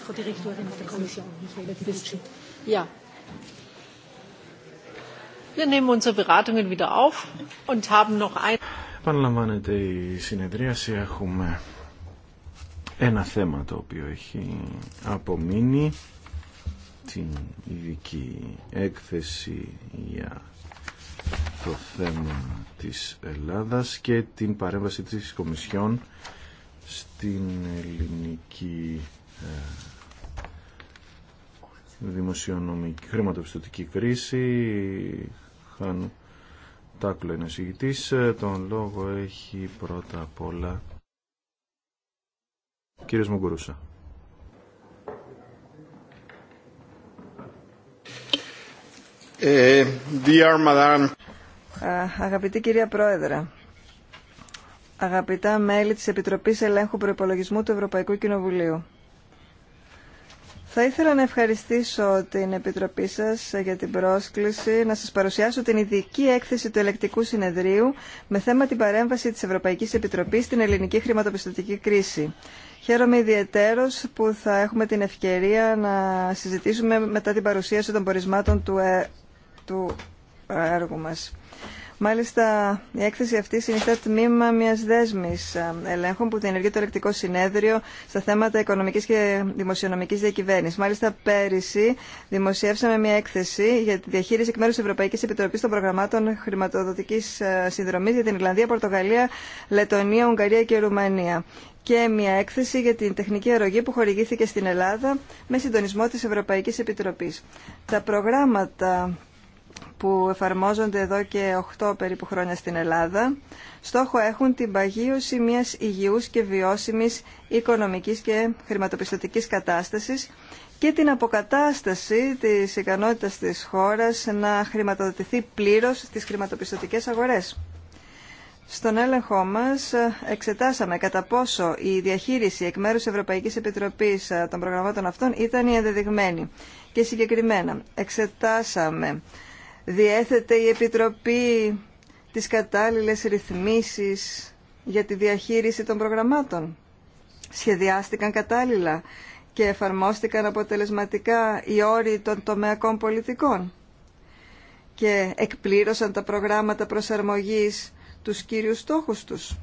Frau Direktorin der η συνεδρίαση. Έχουμε ένα θέμα το οποίο έχει απομείνει την ειδική έκθεση για το θέμα της Ελλάδας και την παρέμβαση της Κομισιόν στην ελληνική ε, δημοσιονομική χρηματοπιστωτική κρίση. Χαν Τάκουλα είναι ο ε, Τον λόγο έχει πρώτα απ' όλα κύριος Μουγκουρούσα. Ε, αγαπητή κυρία Πρόεδρε, αγαπητά μέλη της Επιτροπής Ελέγχου Προϋπολογισμού του Ευρωπαϊκού Κοινοβουλίου. Θα ήθελα να ευχαριστήσω την Επιτροπή σας για την πρόσκληση να σας παρουσιάσω την ειδική έκθεση του Ελεκτικού Συνεδρίου με θέμα την παρέμβαση της Ευρωπαϊκής Επιτροπής στην ελληνική χρηματοπιστωτική κρίση. Χαίρομαι ιδιαίτερος που θα έχουμε την ευκαιρία να συζητήσουμε μετά την παρουσίαση των πορισμάτων του, ε, του έργου μας. Μάλιστα, η έκθεση αυτή συνιστά τμήμα μια δέσμη ε, ελέγχων που διενεργεί το Ελεκτικό Συνέδριο στα θέματα οικονομική και δημοσιονομική διακυβέρνηση. Μάλιστα, πέρυσι δημοσιεύσαμε μια έκθεση για τη διαχείριση εκ μέρου τη Ευρωπαϊκή Επιτροπή των Προγραμμάτων Χρηματοδοτική ε, Συνδρομή για την Ιρλανδία, Πορτογαλία, Λετωνία, Ουγγαρία και Ρουμανία. Και μια έκθεση για την τεχνική αρρωγή που χορηγήθηκε στην Ελλάδα με συντονισμό τη Ευρωπαϊκή Επιτροπή. Τα προγράμματα που εφαρμόζονται εδώ και 8 περίπου χρόνια στην Ελλάδα, στόχο έχουν την παγίωση μιας υγιούς και βιώσιμης οικονομικής και χρηματοπιστωτικής κατάστασης και την αποκατάσταση της ικανότητας της χώρας να χρηματοδοτηθεί πλήρως στις χρηματοπιστωτικές αγορές. Στον έλεγχό μας εξετάσαμε κατά πόσο η διαχείριση εκ μέρους Ευρωπαϊκής Επιτροπής ε, των προγραμμάτων αυτών ήταν η ενδεδειγμένη και συγκεκριμένα εξετάσαμε διέθετε η Επιτροπή τις κατάλληλες ρυθμίσεις για τη διαχείριση των προγραμμάτων. Σχεδιάστηκαν κατάλληλα και εφαρμόστηκαν αποτελεσματικά οι όροι των τομεακών πολιτικών και εκπλήρωσαν τα προγράμματα προσαρμογής τους κύριους στόχους τους.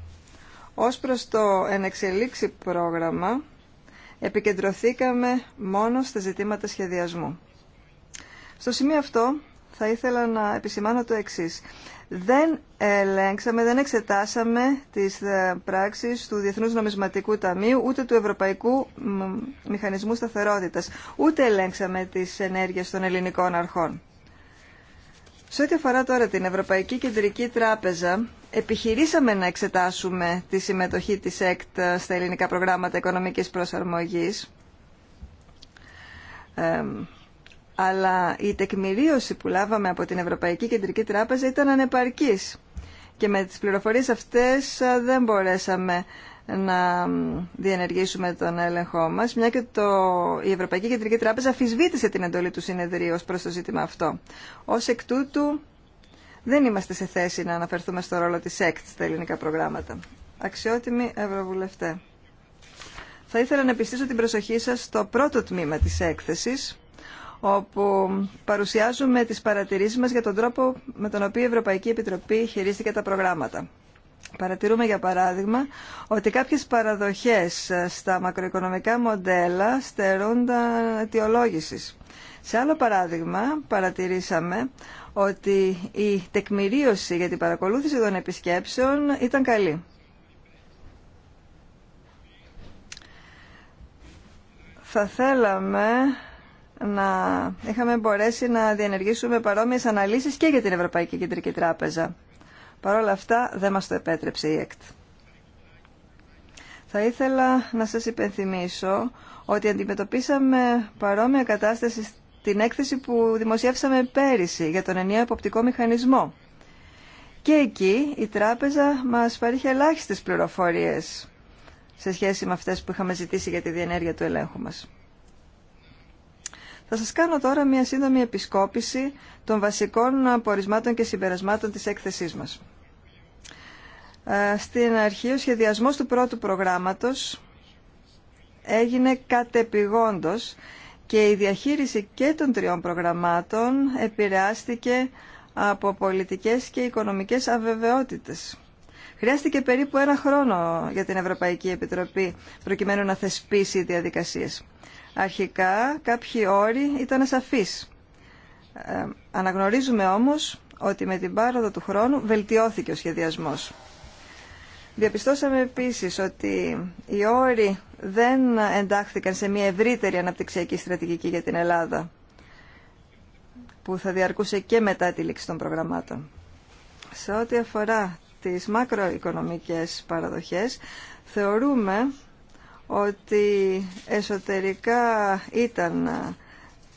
Ως προς το ενεξελίξη πρόγραμμα, επικεντρωθήκαμε μόνο στα ζητήματα σχεδιασμού. Στο σημείο αυτό θα ήθελα να επισημάνω το εξή. Δεν ελέγξαμε, δεν εξετάσαμε τις ε, πράξεις του Διεθνούς Νομισματικού Ταμείου, ούτε του Ευρωπαϊκού Μηχανισμού Σταθερότητας, ούτε ελέγξαμε τις ενέργειες των ελληνικών αρχών. Σε ό,τι αφορά τώρα την Ευρωπαϊκή Κεντρική Τράπεζα, επιχειρήσαμε να εξετάσουμε τη συμμετοχή της ΕΚΤ ε, στα ελληνικά προγράμματα οικονομικής προσαρμογής αλλά η τεκμηρίωση που λάβαμε από την Ευρωπαϊκή Κεντρική Τράπεζα ήταν ανεπαρκής και με τις πληροφορίες αυτές δεν μπορέσαμε να διενεργήσουμε τον έλεγχό μας, μια και το, η Ευρωπαϊκή Κεντρική Τράπεζα αφισβήτησε την εντολή του συνεδρίου ως προς το ζήτημα αυτό. Ως εκ τούτου δεν είμαστε σε θέση να αναφερθούμε στο ρόλο της ΕΚΤ στα ελληνικά προγράμματα. Αξιότιμοι Ευρωβουλευτέ. Θα ήθελα να επιστήσω την προσοχή σας στο πρώτο τμήμα της έκθεσης, όπου παρουσιάζουμε τις παρατηρήσεις μας για τον τρόπο με τον οποίο η Ευρωπαϊκή Επιτροπή χειρίστηκε τα προγράμματα. Παρατηρούμε για παράδειγμα ότι κάποιες παραδοχές στα μακροοικονομικά μοντέλα στερούνταν αιτιολόγησης. Σε άλλο παράδειγμα παρατηρήσαμε ότι η τεκμηρίωση για την παρακολούθηση των επισκέψεων ήταν καλή. Θα θέλαμε να είχαμε μπορέσει να διενεργήσουμε παρόμοιες αναλύσεις και για την Ευρωπαϊκή Κεντρική Τράπεζα. Παρ' όλα αυτά δεν μας το επέτρεψε η ΕΚΤ. Θα ήθελα να σας υπενθυμίσω ότι αντιμετωπίσαμε παρόμοια κατάσταση στην έκθεση που δημοσιεύσαμε πέρυσι για τον ενιαίο εποπτικό μηχανισμό. Και εκεί η τράπεζα μας παρήχε ελάχιστες πληροφορίες σε σχέση με αυτές που είχαμε ζητήσει για τη διενέργεια του ελέγχου μας. Θα σας κάνω τώρα μια σύντομη επισκόπηση των βασικών απορισμάτων και συμπερασμάτων της έκθεσής μας. Ε, στην αρχή, ο σχεδιασμός του πρώτου προγράμματος έγινε κατεπηγόντος και η διαχείριση και των τριών προγραμμάτων επηρεάστηκε από πολιτικές και οικονομικές αβεβαιότητες. Χρειάστηκε περίπου ένα χρόνο για την Ευρωπαϊκή Επιτροπή προκειμένου να θεσπίσει διαδικασίες. Αρχικά κάποιοι όροι ήταν ασαφείς. Ε, αναγνωρίζουμε όμως ότι με την πάροδο του χρόνου βελτιώθηκε ο σχεδιασμός. Διαπιστώσαμε επίσης ότι οι όροι δεν εντάχθηκαν σε μια ευρύτερη αναπτυξιακή στρατηγική για την Ελλάδα που θα διαρκούσε και μετά τη λήξη των προγραμμάτων. Σε ό,τι αφορά τις μακροοικονομικές παραδοχές, θεωρούμε ότι εσωτερικά ήταν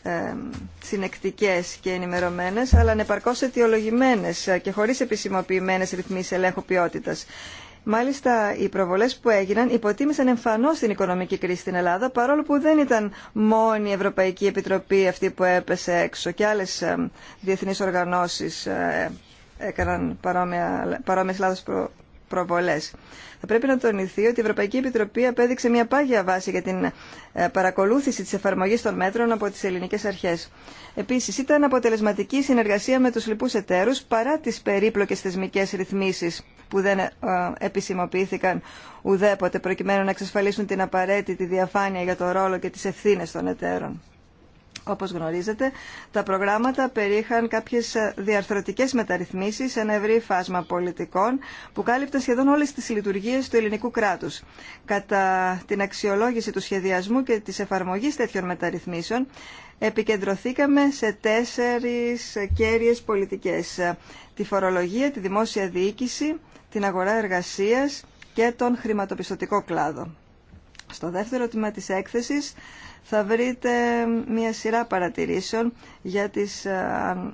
ε, συνεκτικές και ενημερωμένες, αλλά ανεπαρκώς αιτιολογημένες και χωρίς επισημοποιημένες ρυθμίσεις ελέγχου ποιότητας. Μάλιστα, οι προβολές που έγιναν υποτίμησαν εμφανώς την οικονομική κρίση στην Ελλάδα, παρόλο που δεν ήταν μόνη η Ευρωπαϊκή Επιτροπή αυτή που έπεσε έξω και άλλες ε, διεθνείς οργανώσεις ε, έκαναν παρόμοιες λάθος προβολές. Θα πρέπει να τονιθεί ότι η Ευρωπαϊκή Επιτροπή απέδειξε μια πάγια βάση για την ε, παρακολούθηση της εφαρμογής των μέτρων από τις ελληνικές αρχές. Επίσης, ήταν αποτελεσματική συνεργασία με τους λοιπού εταίρου παρά τις περίπλοκες θεσμικέ ρυθμίσει που δεν ε, επισημοποιήθηκαν ουδέποτε προκειμένου να εξασφαλίσουν την απαραίτητη διαφάνεια για το ρόλο και τι ευθύνε των εταίρων. Όπως γνωρίζετε, τα προγράμματα περίχαν κάποιες ε, διαρθρωτικές μεταρρυθμίσεις σε ένα ευρύ φάσμα πολιτικών που κάλυπταν σχεδόν όλες τις λειτουργίες του ελληνικού κράτους. Κατά την αξιολόγηση του σχεδιασμού και της εφαρμογής τέτοιων μεταρρυθμίσεων, επικεντρωθήκαμε σε τέσσερις κέρυες πολιτικές. Τη φορολογία, τη δημόσια διοίκηση, την αγορά εργασίας και τον χρηματοπιστωτικό κλάδο. Στο δεύτερο τμήμα της έκθεσης θα βρείτε μια σειρά παρατηρήσεων για τις ε,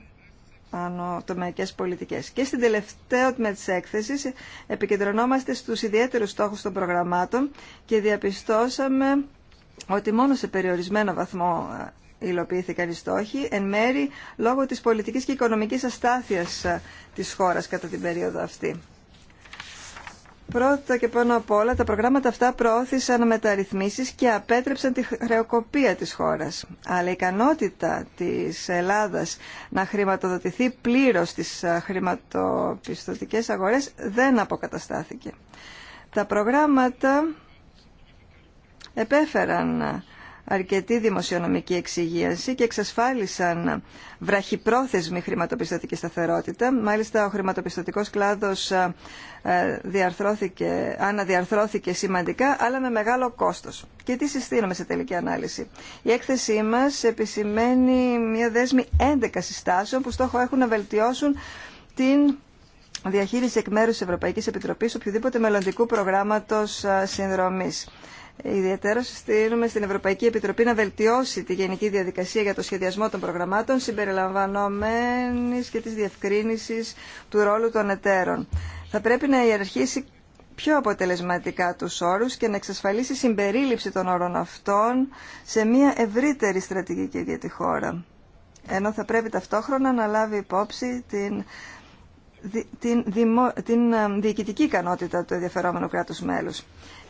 ανωτομιακές πολιτικές. Και στην τελευταία τμήμα της έκθεσης επικεντρωνόμαστε στους ιδιαίτερους στόχους των προγραμμάτων και διαπιστώσαμε ότι μόνο σε περιορισμένο βαθμό ε, υλοποιήθηκαν οι στόχοι, εν μέρη λόγω της πολιτικής και οικονομικής αστάθειας ε, της χώρας κατά την περίοδο αυτή. Πρώτα και πάνω απ' όλα, τα προγράμματα αυτά προώθησαν μεταρρυθμίσεις και απέτρεψαν τη χρεοκοπία της χώρας. Αλλά η ικανότητα της Ελλάδας να χρηματοδοτηθεί πλήρως στις χρηματοπιστωτικές αγορές δεν αποκαταστάθηκε. Τα προγράμματα επέφεραν αρκετή δημοσιονομική εξυγίαση και εξασφάλισαν βραχυπρόθεσμη χρηματοπιστωτική σταθερότητα. Μάλιστα, ο χρηματοπιστωτικός κλάδος ε, διαρθρώθηκε, αναδιαρθρώθηκε σημαντικά, αλλά με μεγάλο κόστος. Και τι συστήνουμε σε τελική ανάλυση. Η έκθεσή μας επισημαίνει μια δέσμη 11 συστάσεων που στόχο έχουν να βελτιώσουν την διαχείριση εκ μέρους της Ευρωπαϊκής Επιτροπής οποιοδήποτε μελλοντικού προγράμματος ε, συνδρομής. Ιδιαίτερα συστήνουμε στην Ευρωπαϊκή Επιτροπή να βελτιώσει τη γενική διαδικασία για το σχεδιασμό των προγραμμάτων συμπεριλαμβανομένης και της διευκρίνησης του ρόλου των εταίρων. Θα πρέπει να ιεραρχήσει πιο αποτελεσματικά τους όρους και να εξασφαλίσει συμπερίληψη των όρων αυτών σε μια ευρύτερη στρατηγική για τη χώρα. Ενώ θα πρέπει ταυτόχρονα να λάβει υπόψη την την, την ε, διοικητική ικανότητα του ενδιαφερόμενου κράτους μέλους.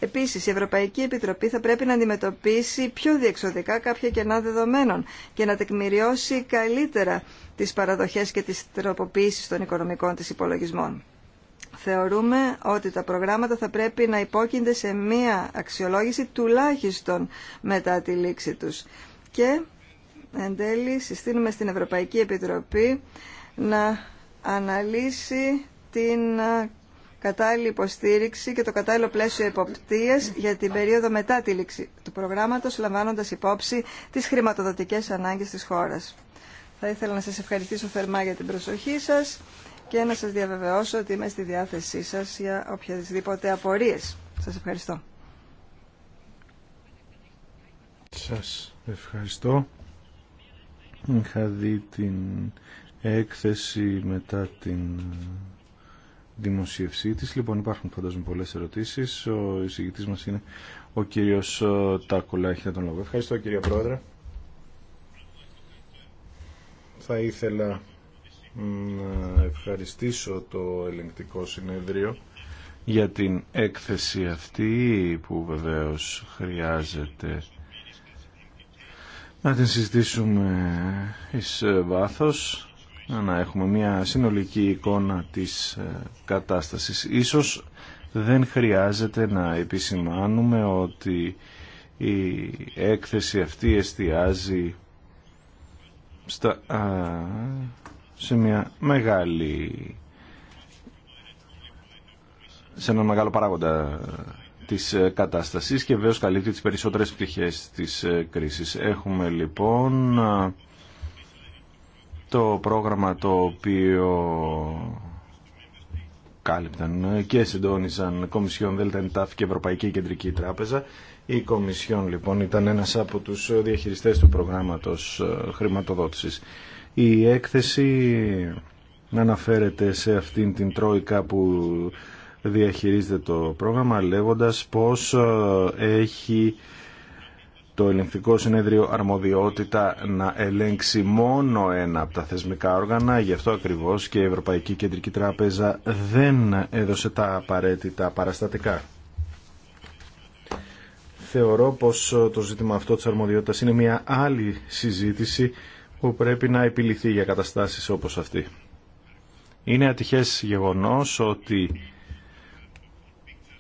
Επίσης, η Ευρωπαϊκή Επιτροπή θα πρέπει να αντιμετωπίσει πιο διεξοδικά κάποια κενά δεδομένων και να τεκμηριώσει καλύτερα τις παραδοχές και τις τροποποίησεις των οικονομικών της υπολογισμών. Θεωρούμε ότι τα προγράμματα θα πρέπει να υπόκεινται σε μία αξιολόγηση τουλάχιστον μετά τη λήξη τους. Και εν τέλει συστήνουμε στην Ευρωπαϊκή Επιτροπή να αναλύσει την κατάλληλη υποστήριξη και το κατάλληλο πλαίσιο εποπτείας για την περίοδο μετά τη λήξη του προγράμματος, λαμβάνοντα υπόψη τι χρηματοδοτικέ ανάγκες της χώρας. Θα ήθελα να σας ευχαριστήσω θερμά για την προσοχή σας και να σας διαβεβαιώσω ότι είμαι στη διάθεσή σας για οποιασδήποτε απορίες. Σας ευχαριστώ. Σα ευχαριστώ. Είχα δει την έκθεση μετά την δημοσίευσή της. Λοιπόν, υπάρχουν φαντάζομαι πολλές ερωτήσεις. Ο εισηγητής μας είναι ο κύριος ε, Τάκουλα. Έχετε τον λόγο. Ευχαριστώ κύριε Πρόεδρε. Θα ήθελα να ευχαριστήσω το ελεγκτικό συνέδριο για την έκθεση αυτή που βεβαίως χρειάζεται να την συζητήσουμε εις ε, βάθος να έχουμε μια συνολική εικόνα της ε, κατάστασης. Ίσως δεν χρειάζεται να επισημάνουμε ότι η έκθεση αυτή εστιάζει στα, σε μια μεγάλη σε ένα μεγάλο παράγοντα της ε, κατάστασης και βέβαια καλύπτει τις περισσότερες πτυχές της ε, κρίσης. Έχουμε λοιπόν το πρόγραμμα το οποίο κάλυπταν και συντόνισαν Κομισιόν Δέλτα Εντάφη και Ευρωπαϊκή Κεντρική Τράπεζα. Η Κομισιόν λοιπόν ήταν ένας από τους διαχειριστές του προγράμματος ε, χρηματοδότησης. Η έκθεση αναφέρεται σε αυτήν την τρόικα που διαχειρίζεται το πρόγραμμα λέγοντας πως ε, έχει το ελεγκτικό συνέδριο αρμοδιότητα να ελέγξει μόνο ένα από τα θεσμικά όργανα, γι' αυτό ακριβώς και η Ευρωπαϊκή Κεντρική Τράπεζα δεν έδωσε τα απαραίτητα παραστατικά. Θεωρώ πως το ζήτημα αυτό της αρμοδιότητας είναι μια άλλη συζήτηση που πρέπει να επιληθεί για καταστάσεις όπως αυτή. Είναι ατυχές γεγονός ότι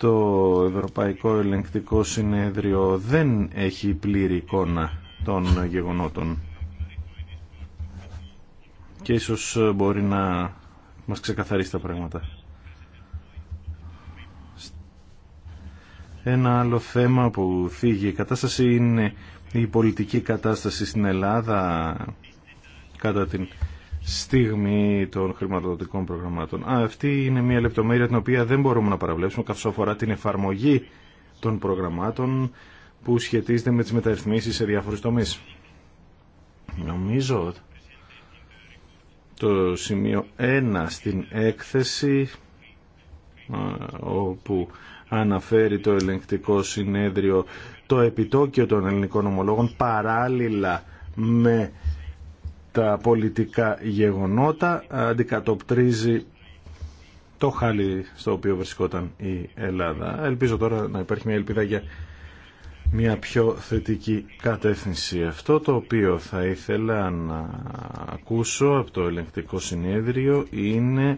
το Ευρωπαϊκό Ελεγκτικό Συνέδριο δεν έχει πλήρη εικόνα των γεγονότων και ίσως μπορεί να μας ξεκαθαρίσει τα πράγματα. Ένα άλλο θέμα που θίγει η κατάσταση είναι η πολιτική κατάσταση στην Ελλάδα κατά την στιγμή των χρηματοδοτικών προγραμμάτων. αυτή είναι μια λεπτομέρεια την οποία δεν μπορούμε να παραβλέψουμε καθώς αφορά την εφαρμογή των προγραμμάτων που σχετίζεται με τις μεταρρυθμίσεις σε διάφορους τομείς. Νομίζω το σημείο 1 στην έκθεση όπου αναφέρει το ελεγκτικό συνέδριο το επιτόκιο των ελληνικών ομολόγων παράλληλα με τα πολιτικά γεγονότα αντικατοπτρίζει το χάλι στο οποίο βρισκόταν η Ελλάδα. Ελπίζω τώρα να υπάρχει μια ελπίδα για μια πιο θετική κατεύθυνση. Αυτό το οποίο θα ήθελα να ακούσω από το ελεγκτικό συνέδριο είναι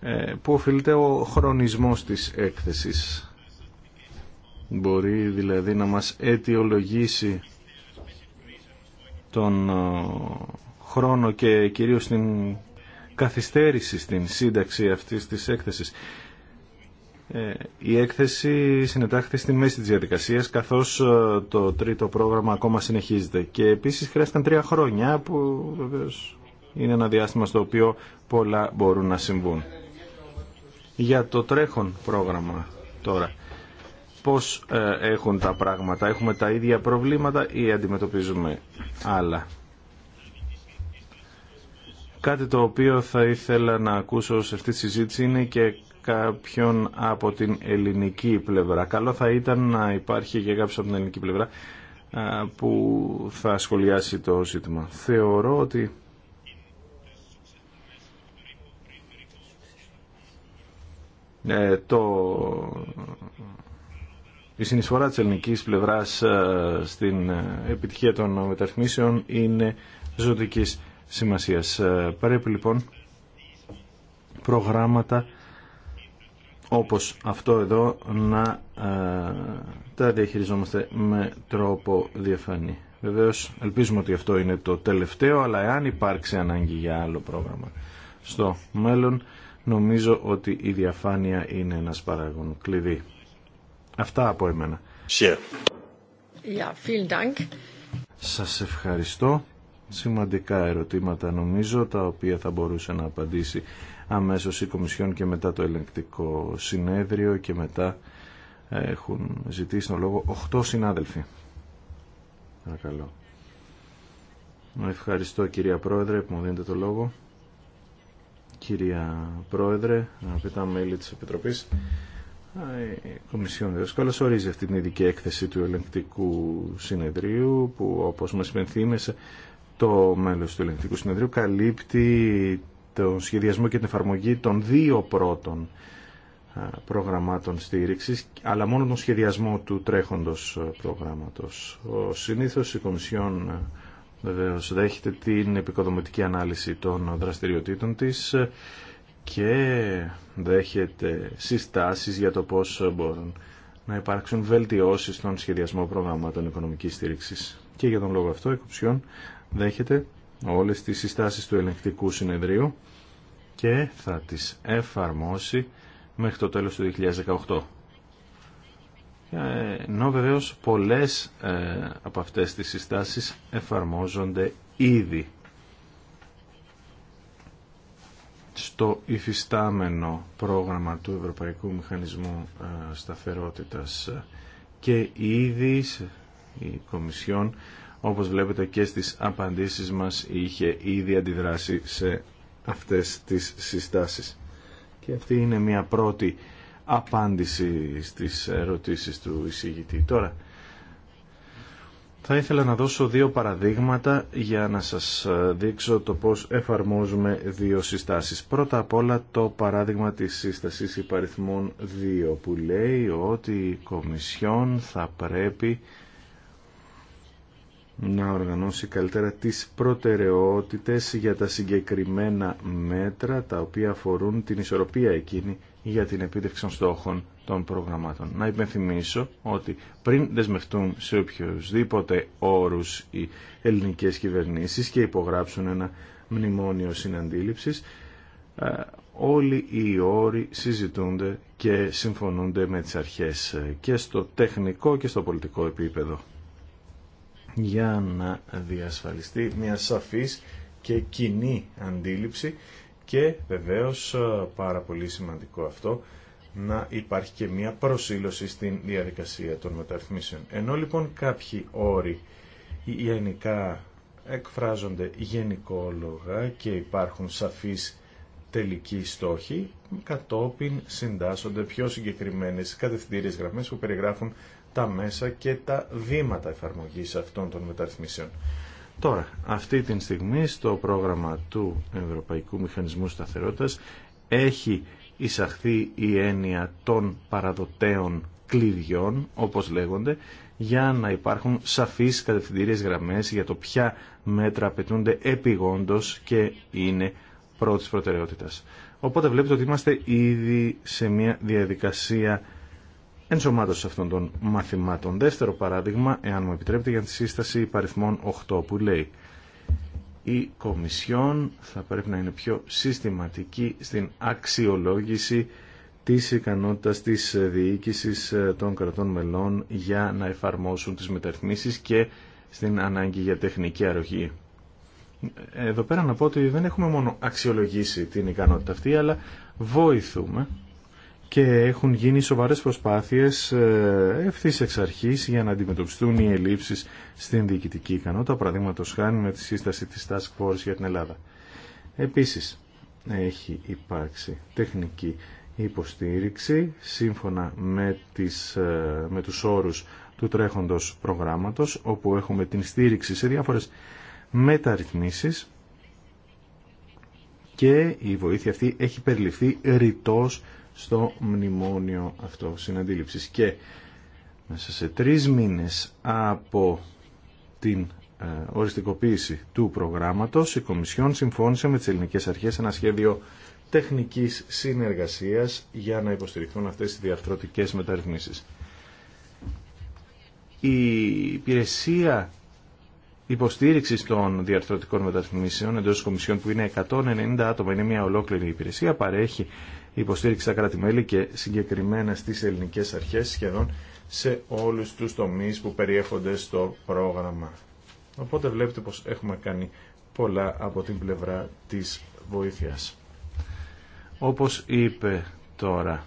ε, που οφείλεται ο χρονισμός της έκθεσης. Μπορεί δηλαδή να μας αιτιολογήσει τον ε, χρόνο και κυρίως την καθυστέρηση στην σύνταξη αυτής της έκθεσης. Ε, η έκθεση συνετάχθη στη μέση της διαδικασίας καθώς ε, το τρίτο πρόγραμμα ακόμα συνεχίζεται και επίσης χρειάστηκαν τρία χρόνια που βεβαίω είναι ένα διάστημα στο οποίο πολλά μπορούν να συμβούν. Για το τρέχον πρόγραμμα τώρα πώς ε, έχουν τα πράγματα. Έχουμε τα ίδια προβλήματα ή αντιμετωπίζουμε άλλα. Κάτι το οποίο θα ήθελα να ακούσω σε αυτή τη συζήτηση είναι και κάποιον από την ελληνική πλευρά. Καλό θα ήταν να υπάρχει και κάποιος από την ελληνική πλευρά που θα σχολιάσει το ζήτημα. Θεωρώ ότι ε, το η συνεισφορά της ελληνικής πλευράς ε, στην ε, επιτυχία των μεταρρυθμίσεων είναι ζωτικής σημασίας. Ε, πρέπει λοιπόν προγράμματα όπως αυτό εδώ να τα διαχειριζόμαστε με τρόπο διαφανή. Βεβαίως ελπίζουμε ότι αυτό είναι το τελευταίο, αλλά εάν υπάρξει ανάγκη για άλλο πρόγραμμα στο μέλλον, νομίζω ότι η διαφάνεια είναι ένας παράγον κλειδί. Αυτά από εμένα. Yeah. Σας ευχαριστώ. Σημαντικά ερωτήματα νομίζω, τα οποία θα μπορούσε να απαντήσει αμέσως η Κομισιόν και μετά το ελεγκτικό συνέδριο και μετά ε, έχουν ζητήσει τον λόγο 8 συνάδελφοι. Παρακαλώ. Ευχαριστώ κυρία Πρόεδρε που μου δίνετε το λόγο. Κυρία Πρόεδρε, αγαπητά μέλη της Επιτροπής, η Κομισιόν Δεύτερος ορίζει αυτή την ειδική έκθεση του ελεγκτικού συνεδρίου που όπως μας υπενθύμεσε το μέλος του ελεγκτικού συνεδρίου καλύπτει τον σχεδιασμό και την εφαρμογή των δύο πρώτων προγραμμάτων στήριξης αλλά μόνο τον σχεδιασμό του τρέχοντος προγράμματος. Ο συνήθως η Κομισιόν βεβαίω δέχεται την επικοδομητική ανάλυση των δραστηριοτήτων της και δέχεται συστάσεις για το πώς μπορούν να υπάρξουν βελτιώσεις στον σχεδιασμό προγραμμάτων οικονομικής στήριξης. Και για τον λόγο αυτό η Κουψιόν δέχεται όλες τις συστάσεις του ελεγκτικού συνεδρίου και θα τις εφαρμόσει μέχρι το τέλος του 2018. Ε, ενώ βεβαίω πολλές ε, από αυτές τις συστάσεις εφαρμόζονται ήδη στο υφιστάμενο πρόγραμμα του Ευρωπαϊκού Μηχανισμού ε, Σταθερότητας και ήδη η Κομισιόν όπως βλέπετε και στις απαντήσεις μας είχε ήδη αντιδράσει σε αυτές τις συστάσεις. Και αυτή είναι μια πρώτη απάντηση στις ερωτήσεις του εισηγητή. Τώρα, θα ήθελα να δώσω δύο παραδείγματα για να σας ε, δείξω το πώς εφαρμόζουμε δύο συστάσεις. Πρώτα απ' όλα το παράδειγμα της σύστασης υπαριθμών 2 που λέει ότι η Κομισιόν θα πρέπει να οργανώσει καλύτερα τις προτεραιότητες για τα συγκεκριμένα μέτρα τα οποία αφορούν την ισορροπία εκείνη για την επίτευξη των στόχων των προγραμμάτων. Να υπενθυμίσω ότι πριν δεσμευτούν σε οποιοδήποτε όρους οι ελληνικές κυβερνήσεις και υπογράψουν ένα μνημόνιο συναντήληψης, ε, όλοι οι όροι συζητούνται και συμφωνούνται με τις αρχές ε, και στο τεχνικό και στο πολιτικό επίπεδο για να διασφαλιστεί μια σαφής και κοινή αντίληψη και βεβαίως ε, πάρα πολύ σημαντικό αυτό να υπάρχει και μια προσήλωση στην διαδικασία των μεταρρυθμίσεων. Ενώ λοιπόν κάποιοι όροι γενικά εκφράζονται γενικόλογα και υπάρχουν σαφείς τελικοί στόχοι, κατόπιν συντάσσονται πιο συγκεκριμένες κατευθυντήριες γραμμές που περιγράφουν τα μέσα και τα βήματα εφαρμογής αυτών των μεταρρυθμίσεων. Τώρα, αυτή τη στιγμή στο πρόγραμμα του Ευρωπαϊκού Μηχανισμού Σταθερότητας έχει εισαχθεί η έννοια των παραδοτέων κλειδιών, όπως λέγονται, για να υπάρχουν σαφείς κατευθυντήριες γραμμές για το ποια μέτρα απαιτούνται επιγόντως και είναι πρώτης προτεραιότητας. Οπότε βλέπετε ότι είμαστε ήδη σε μια διαδικασία ενσωμάτωση αυτών των μαθημάτων. Δεύτερο παράδειγμα, εάν μου επιτρέπετε, για τη σύσταση παριθμών 8 που λέει η Κομισιόν θα πρέπει να είναι πιο συστηματική στην αξιολόγηση της ικανότητας της διοίκησης ε, των κρατών μελών για να εφαρμόσουν τις μεταρρυθμίσεις και στην ανάγκη για τεχνική αρρωγή. Ε, εδώ πέρα να πω ότι δεν έχουμε μόνο αξιολογήσει την ικανότητα αυτή, αλλά βοηθούμε και έχουν γίνει σοβαρές προσπάθειες ε, ευθύς εξ αρχής για να αντιμετωπιστούν οι ελλείψεις στην διοικητική ικανότητα, παραδείγματο χάνει με τη σύσταση της Task Force για την Ελλάδα. Επίσης, έχει υπάρξει τεχνική υποστήριξη σύμφωνα με, τις, ε, με τους όρους του τρέχοντος προγράμματος, όπου έχουμε την στήριξη σε διάφορες μεταρρυθμίσεις και η βοήθεια αυτή έχει περιληφθεί ρητός στο μνημόνιο αυτό συναντήληψης. Και μέσα σε τρεις μήνες από την ε, οριστικοποίηση του προγράμματος, η Κομισιόν συμφώνησε με τις ελληνικές αρχές ένα σχέδιο τεχνικής συνεργασίας για να υποστηριχθούν αυτές οι διαρθρωτικές μεταρρυθμίσεις. Η υπηρεσία υποστήριξης των διαρθρωτικών μεταρρυθμίσεων εντός της Κομισιόν που είναι 190 άτομα, είναι μια ολόκληρη υπηρεσία, παρέχει υποστήριξη στα κράτη-μέλη και συγκεκριμένα στις ελληνικές αρχές σχεδόν σε όλους τους τομείς που περιέχονται στο πρόγραμμα. Οπότε βλέπετε πως έχουμε κάνει πολλά από την πλευρά της βοήθειας. Όπως είπε τώρα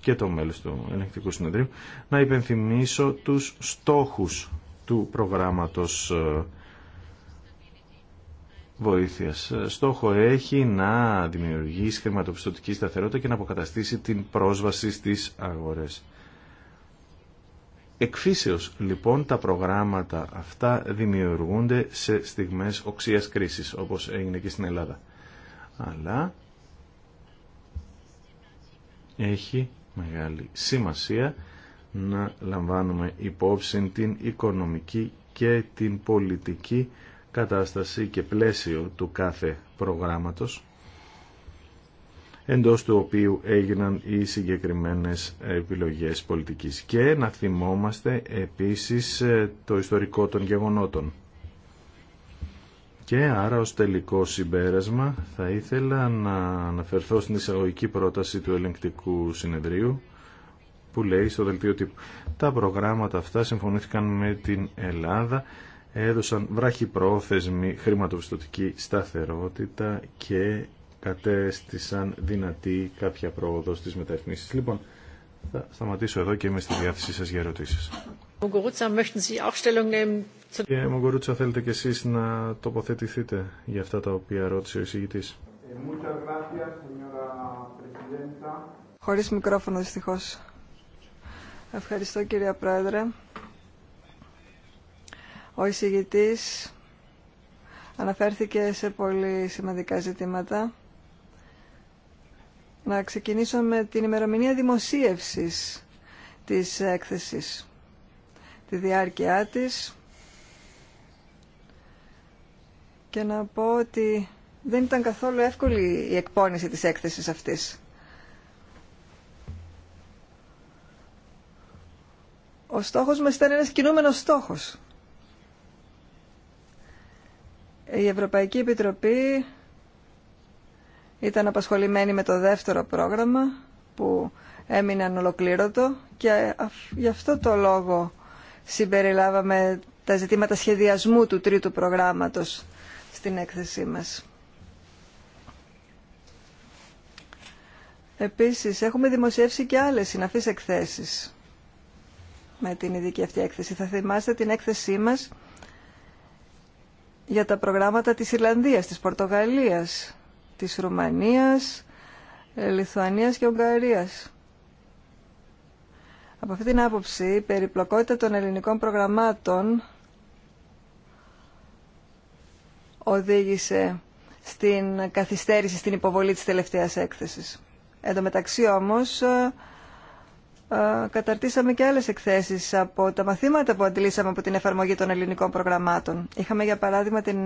και το μέλος του Ελεκτικού Συνεδρίου, να υπενθυμίσω τους στόχους του προγράμματος ε, βοήθειας. Στόχο έχει να δημιουργήσει χρηματοπιστωτική σταθερότητα και να αποκαταστήσει την πρόσβαση στις αγορές. Εκφύσεως λοιπόν τα προγράμματα αυτά δημιουργούνται σε στιγμές οξίας κρίσης όπως έγινε και στην Ελλάδα. Αλλά έχει μεγάλη σημασία να λαμβάνουμε υπόψη την οικονομική και την πολιτική κατάσταση και πλαίσιο του κάθε προγράμματος εντός του οποίου έγιναν οι συγκεκριμένες επιλογές πολιτικής. Και να θυμόμαστε επίσης ε, το ιστορικό των γεγονότων. Και άρα ως τελικό συμπέρασμα θα ήθελα να αναφερθώ στην εισαγωγική πρόταση του ελεγκτικού συνεδρίου που λέει στο δελτίο τύπου. Τα προγράμματα αυτά συμφωνήθηκαν με την Ελλάδα, έδωσαν πρόθεσμη χρηματοπιστωτική σταθερότητα και κατέστησαν δυνατή κάποια πρόοδο στις μεταρρυθμίσεις. Λοιπόν, θα σταματήσω εδώ και είμαι στη διάθεσή σας για ερωτήσεις. Και Μογκορούτσα, θέλετε κι εσείς να τοποθετηθείτε για αυτά τα οποία ρώτησε ο εισηγητής. Ε, Χωρίς μικρόφωνο, δυστυχώς. Ευχαριστώ κύριε Πρόεδρε. Ο εισηγητής αναφέρθηκε σε πολύ σημαντικά ζητήματα. Να ξεκινήσω με την ημερομηνία δημοσίευσης της έκθεσης. Τη διάρκεια της και να πω ότι δεν ήταν καθόλου εύκολη η εκπόνηση της έκθεσης αυτής. Ο στόχος μας ήταν ένας κινούμενος στόχος. Η Ευρωπαϊκή Επιτροπή ήταν απασχολημένη με το δεύτερο πρόγραμμα που έμεινε ανολοκλήρωτο και γι' αυτό το λόγο συμπεριλάβαμε τα ζητήματα σχεδιασμού του τρίτου προγράμματος στην έκθεσή μας. Επίσης, έχουμε δημοσιεύσει και άλλες συναφείς εκθέσεις με την ειδική αυτή έκθεση. Θα θυμάστε την έκθεσή μας για τα προγράμματα της Ιρλανδίας, της Πορτογαλίας, της Ρουμανίας, ε, Λιθουανίας και Ουγγαρίας. Από αυτή την άποψη, η περιπλοκότητα των ελληνικών προγραμμάτων οδήγησε στην καθυστέρηση στην υποβολή της τελευταίας έκθεσης. Εν τω μεταξύ όμως, καταρτήσαμε και άλλες εκθέσεις από τα μαθήματα που αντλήσαμε από την εφαρμογή των ελληνικών προγραμμάτων. Είχαμε για παράδειγμα την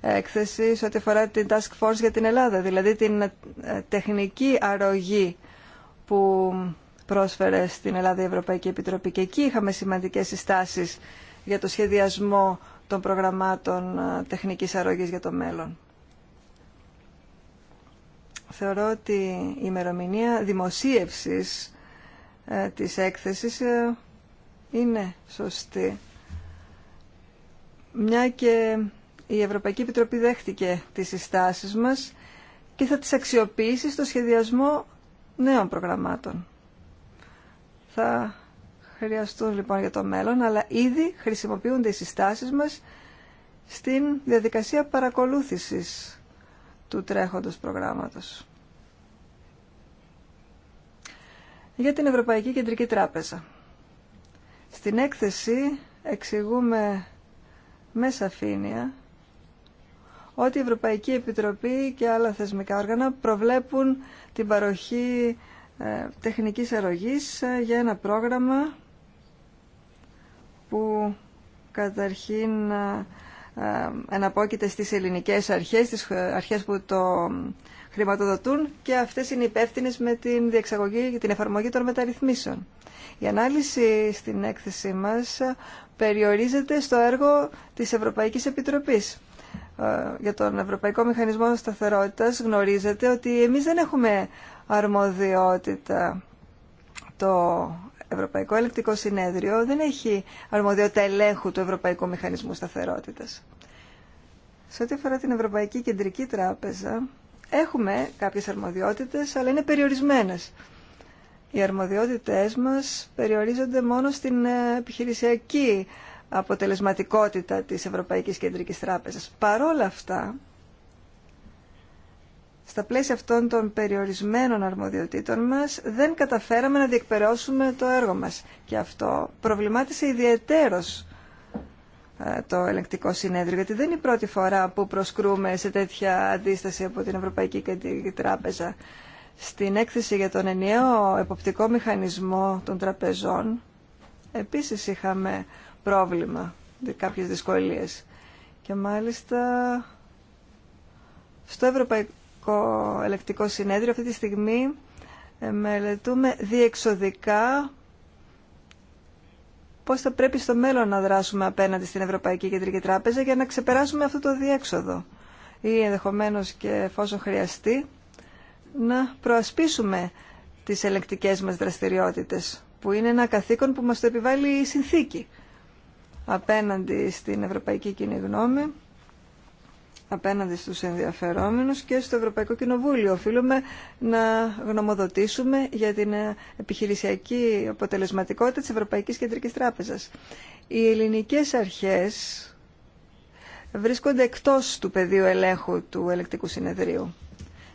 έκθεση σε ό,τι αφορά την Task Force για την Ελλάδα, δηλαδή την ε, τεχνική αρρωγή που πρόσφερε στην Ελλάδα η Ευρωπαϊκή Επιτροπή και εκεί είχαμε σημαντικές συστάσεις για το σχεδιασμό των προγραμμάτων ε, τεχνικής αρρώγης για το μέλλον. Θεωρώ ότι η ημερομηνία δημοσίευσης ε, της έκθεσης ε, είναι σωστή. Μια και η Ευρωπαϊκή Επιτροπή δέχτηκε τις συστάσεις μας και θα τις αξιοποιήσει στο σχεδιασμό νέων προγραμμάτων. Θα χρειαστούν λοιπόν για το μέλλον, αλλά ήδη χρησιμοποιούνται οι συστάσεις μας στην διαδικασία παρακολούθησης του τρέχοντος προγράμματος. για την Ευρωπαϊκή Κεντρική Τράπεζα. Στην έκθεση εξηγούμε με σαφήνεια ότι η Ευρωπαϊκή Επιτροπή και άλλα θεσμικά όργανα προβλέπουν την παροχή ε, τεχνικής αρρωγής ε, για ένα πρόγραμμα που καταρχήν ε, ε, εναπόκειται στις ελληνικές αρχές, τις αρχές που το χρηματοδοτούν και αυτές είναι υπεύθυνε με την διεξαγωγή και την εφαρμογή των μεταρρυθμίσεων. Η ανάλυση στην έκθεσή μας περιορίζεται στο έργο της Ευρωπαϊκής Επιτροπής. Ε, για τον Ευρωπαϊκό Μηχανισμό Σταθερότητας γνωρίζετε ότι εμείς δεν έχουμε αρμοδιότητα το Ευρωπαϊκό Ελεκτικό Συνέδριο δεν έχει αρμοδιότητα ελέγχου του Ευρωπαϊκού Μηχανισμού Σταθερότητας. Σε ό,τι αφορά την Ευρωπαϊκή Κεντρική Τράπεζα, έχουμε κάποιες αρμοδιότητες, αλλά είναι περιορισμένες. Οι αρμοδιότητες μας περιορίζονται μόνο στην ε, επιχειρησιακή αποτελεσματικότητα της Ευρωπαϊκής Κεντρικής Τράπεζας. Παρόλα αυτά, στα πλαίσια αυτών των περιορισμένων αρμοδιοτήτων μας δεν καταφέραμε να διεκπαιρεώσουμε το έργο μας. Και αυτό προβλημάτισε ιδιαιτέρως ε, το ελεγκτικό συνέδριο, γιατί δεν είναι η πρώτη φορά που προσκρούμε σε τέτοια αντίσταση από την Ευρωπαϊκή Κεντρική Τράπεζα. Στην έκθεση για τον ενιαίο εποπτικό μηχανισμό των τραπεζών, επίσης είχαμε πρόβλημα, κάποιες δυσκολίες. Και μάλιστα στο, Ευρωπαϊκό... Ευρωπαϊκό Ελεκτικό Συνέδριο. Αυτή τη στιγμή ε, μελετούμε διεξοδικά πώς θα πρέπει στο μέλλον να δράσουμε απέναντι στην Ευρωπαϊκή Κεντρική Τράπεζα για να ξεπεράσουμε αυτό το διέξοδο ή ενδεχομένως και εφόσον χρειαστεί να προασπίσουμε τις ελεκτικές μας δραστηριότητες που είναι ένα καθήκον που μας το επιβάλλει η συνθήκη απέναντι στην Ευρωπαϊκή Κοινή Γνώμη απέναντι στους ενδιαφερόμενους και στο Ευρωπαϊκό Κοινοβούλιο. Οφείλουμε να γνωμοδοτήσουμε για την επιχειρησιακή αποτελεσματικότητα της Ευρωπαϊκής Κεντρικής Τράπεζας. Οι ελληνικές αρχές βρίσκονται εκτός του πεδίου ελέγχου του ελεκτικού συνεδρίου.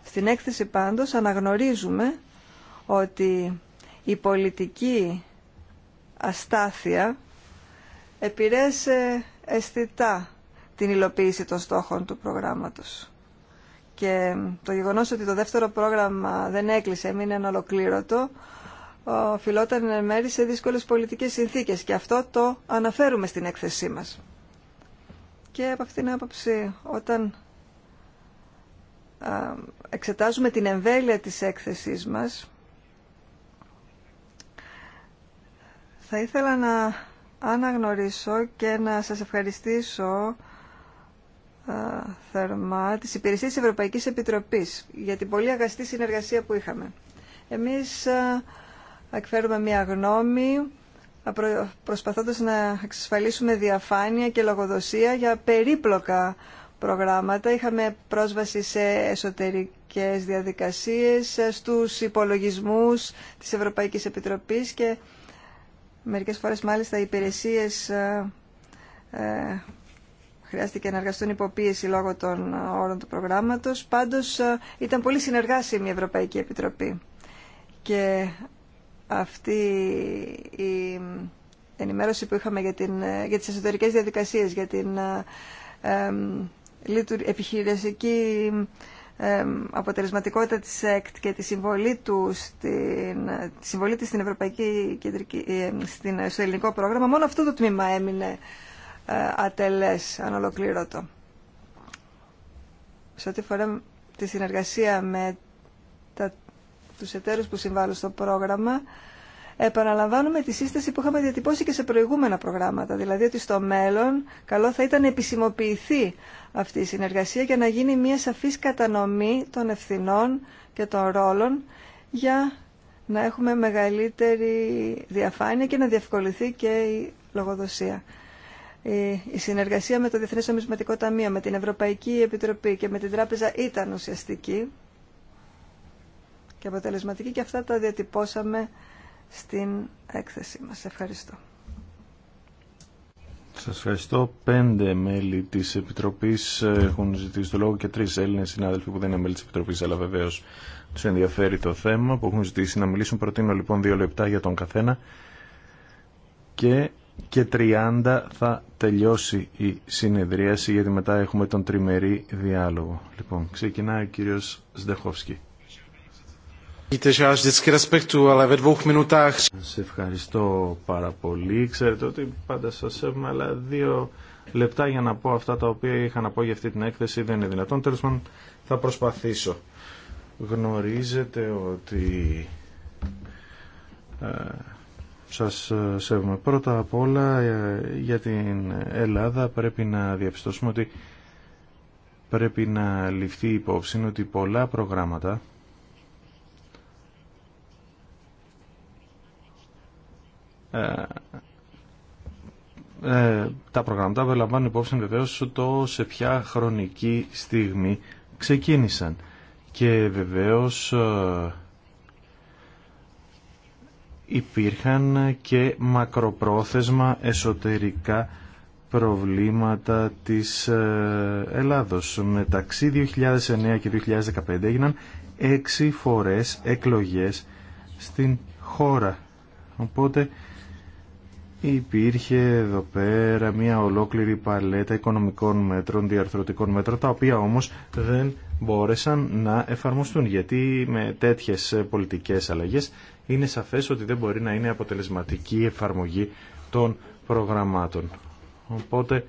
Στην έκθεση πάντως αναγνωρίζουμε ότι η πολιτική αστάθεια επηρέασε αισθητά την υλοποίηση των στόχων του προγράμματος. Και το γεγονός ότι το δεύτερο πρόγραμμα δεν έκλεισε, έμεινε ολοκλήρωτο. οφειλόταν εν μέρη σε δύσκολες πολιτικές συνθήκες και αυτό το αναφέρουμε στην έκθεσή μας. Και από αυτήν την άποψη, όταν εξετάζουμε την εμβέλεια της έκθεσής μας, θα ήθελα να αναγνωρίσω και να σας ευχαριστήσω θερμά τις υπηρεσίες της Ευρωπαϊκής Επιτροπής για την πολύ αγαστή συνεργασία που είχαμε. Εμείς εκφέρουμε μια γνώμη προσπαθώντας να εξασφαλίσουμε διαφάνεια και λογοδοσία για περίπλοκα προγράμματα. Είχαμε πρόσβαση σε εσωτερικές διαδικασίες, ε, στους υπολογισμούς της Ευρωπαϊκής Επιτροπής και μερικές φορές μάλιστα οι υπηρεσίες ε, ε, χρειάστηκε να εργαστούν υποπίεση λόγω των όρων του προγράμματος. Πάντως ε, ήταν πολύ συνεργάσιμη η Ευρωπαϊκή Επιτροπή και αυτή η ενημέρωση που είχαμε για, την, ε, για τις εσωτερικές διαδικασίες, για την ε, επιχειρησιακή αποτελεσματικότητα της ΕΚΤ και τη συμβολή, του τη συμβολή της στην Ευρωπαϊκή Κεντρική, ε, στην, στο ελληνικό πρόγραμμα, μόνο αυτό το τμήμα έμεινε ε, ατελές, ανολοκλήρωτο. Σε ό,τι φορά τη συνεργασία με τα, τους εταίρους που συμβάλλουν στο πρόγραμμα, επαναλαμβάνουμε τη σύσταση που είχαμε διατυπώσει και σε προηγούμενα προγράμματα. Δηλαδή ότι στο μέλλον καλό θα ήταν να επισημοποιηθεί αυτή η συνεργασία για να γίνει μια σαφής κατανομή των ευθυνών και των ρόλων για να έχουμε μεγαλύτερη διαφάνεια και να διευκολυθεί και η λογοδοσία η συνεργασία με το Διεθνές Ομισματικό Ταμείο, με την Ευρωπαϊκή Επιτροπή και με την Τράπεζα ήταν ουσιαστική και αποτελεσματική και αυτά τα διατυπώσαμε στην έκθεσή μας. Ευχαριστώ. Σας ευχαριστώ. Πέντε μέλη της Επιτροπής ε, έχουν ζητήσει το λόγο και τρεις Έλληνες συνάδελφοι που δεν είναι μέλη της Επιτροπής, αλλά βεβαίως τους ενδιαφέρει το θέμα που έχουν ζητήσει να μιλήσουν. Προτείνω λοιπόν δύο λεπτά για τον καθένα και και 30 θα τελειώσει η συνεδρίαση γιατί μετά έχουμε τον τριμερή διάλογο. Λοιπόν, ξεκινάει ο κύριος Σντεχόφσκι. Σε ευχαριστώ πάρα πολύ. Ξέρετε ότι πάντα σας σέβομαι, αλλά δύο λεπτά για να πω αυτά τα οποία είχα να πω για αυτή την έκθεση δεν είναι δυνατόν. Τέλος πάντων θα προσπαθήσω. Γνωρίζετε ότι ε, σας ε, σέβομαι. Πρώτα απ' όλα ε, για την Ελλάδα πρέπει να διαπιστώσουμε ότι πρέπει να ληφθεί υπόψη ότι πολλά προγράμματα ε, τα προγράμματα ελαμβάνουν υπόψη βεβαίω το σε ποια χρονική στιγμή ξεκίνησαν. Και βεβαίως υπήρχαν και μακροπρόθεσμα εσωτερικά προβλήματα της ε, Ελλάδος. Μεταξύ 2009 και 2015 έγιναν έξι φορές εκλογές στην χώρα. Οπότε υπήρχε εδώ πέρα μια ολόκληρη παλέτα οικονομικών μέτρων, διαρθρωτικών μέτρων, τα οποία όμως δεν μπόρεσαν να εφαρμοστούν, γιατί με τέτοιες πολιτικές αλλαγές είναι σαφές ότι δεν μπορεί να είναι αποτελεσματική εφαρμογή των προγραμμάτων. Οπότε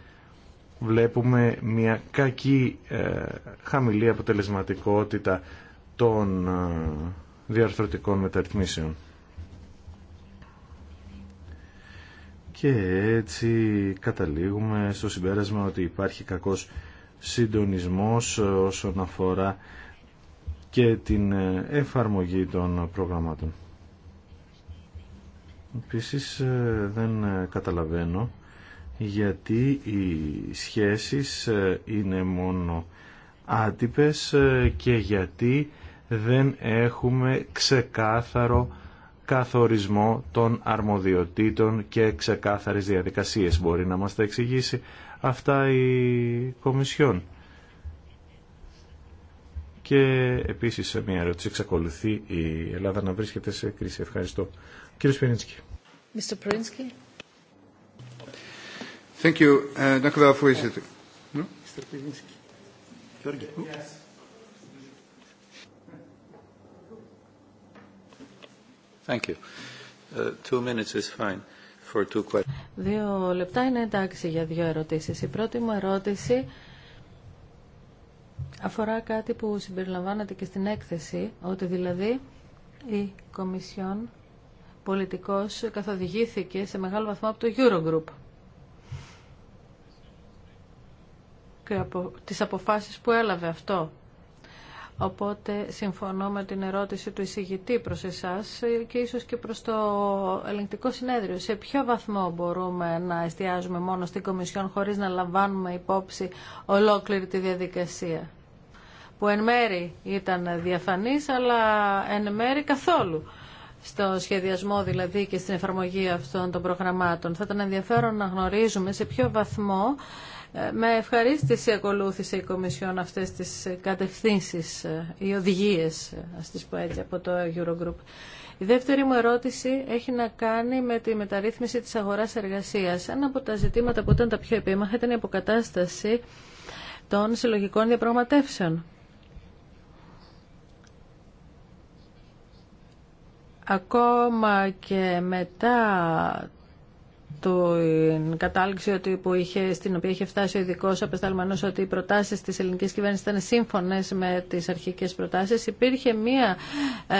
βλέπουμε μια κακή ε, χαμηλή αποτελεσματικότητα των ε, διαρθρωτικών μεταρρυθμίσεων. Και έτσι καταλήγουμε στο συμπέρασμα ότι υπάρχει κακός συντονισμός ε, όσον αφορά και την ε, εφαρμογή των προγραμμάτων. Επίσης ε, δεν ε, καταλαβαίνω γιατί οι σχέσεις ε, είναι μόνο άτυπες και γιατί δεν έχουμε ξεκάθαρο καθορισμό των αρμοδιοτήτων και ξεκάθαρες διαδικασίες. Μπορεί να μας τα εξηγήσει αυτά η Κομισιόν. Και επίσης μια ερώτηση εξακολουθεί η Ελλάδα να βρίσκεται σε κρίση. Ευχαριστώ. Ε, ναι. Δύο λεπτά είναι εντάξει για δύο ερωτήσεις. Η πρώτη μου ερώτηση αφορά κάτι που συμπεριλαμβάνεται και στην έκθεση, ότι δηλαδή η Κομισιόν πολιτικός καθοδηγήθηκε σε μεγάλο βαθμό από το Eurogroup και από τις αποφάσεις που έλαβε αυτό. Οπότε συμφωνώ με την ερώτηση του εισηγητή προς εσάς και ίσως και προς το ελεγκτικό συνέδριο. Σε ποιο βαθμό μπορούμε να εστιάζουμε μόνο στην Κομισιόν χωρίς να λαμβάνουμε υπόψη ολόκληρη τη διαδικασία που εν μέρη ήταν διαφανής αλλά εν μέρη καθόλου στο σχεδιασμό δηλαδή και στην εφαρμογή αυτών των προγραμμάτων. Θα ήταν ενδιαφέρον να γνωρίζουμε σε ποιο βαθμό ε, με ευχαρίστηση ακολούθησε η Κομισιόν αυτές τις κατευθύνσεις, ε, οι οδηγίες, ε, ας τις από το Eurogroup. Η δεύτερη μου ερώτηση έχει να κάνει με τη μεταρρύθμιση της αγοράς εργασίας. Ένα από τα ζητήματα που ήταν τα πιο επίμαχα ήταν η αποκατάσταση των συλλογικών διαπραγματεύσεων. ακόμα και μετά την κατάληξη που είχε, στην οποία είχε φτάσει ο ειδικό απεσταλμένο ότι οι προτάσει τη ελληνική κυβέρνηση ήταν σύμφωνε με τι αρχικέ προτάσει, υπήρχε μία ε,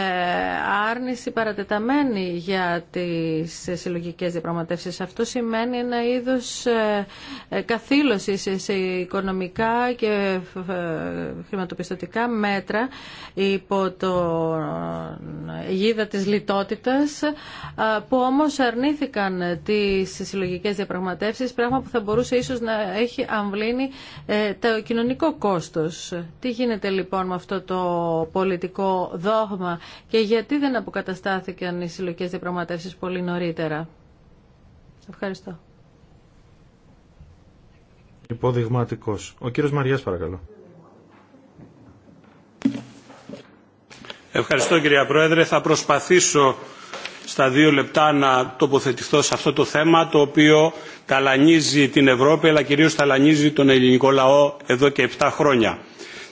άρνηση παρατεταμένη για τι συλλογικέ διαπραγματεύσει. Αυτό σημαίνει ένα είδο ε, ε καθήλωση σε οικονομικά και ε, χρηματοπιστωτικά μέτρα υπό τον αιγίδα της λιτότητας που όμως αρνήθηκαν τις σε συλλογικέ διαπραγματεύσεις, πράγμα που θα μπορούσε ίσως να έχει αμβλύνει ε, το κοινωνικό κόστος. Τι γίνεται λοιπόν με αυτό το πολιτικό δόγμα και γιατί δεν αποκαταστάθηκαν οι συλλογικέ διαπραγματεύσεις πολύ νωρίτερα. Ευχαριστώ. Υποδειγματικός. Ο κύριος Μαριάς παρακαλώ. Ευχαριστώ κυρία Πρόεδρε. Θα προσπαθήσω στα δύο λεπτά να τοποθετηθώ σε αυτό το θέμα το οποίο ταλανίζει την Ευρώπη αλλά κυρίως ταλανίζει τον ελληνικό λαό εδώ και 7 χρόνια.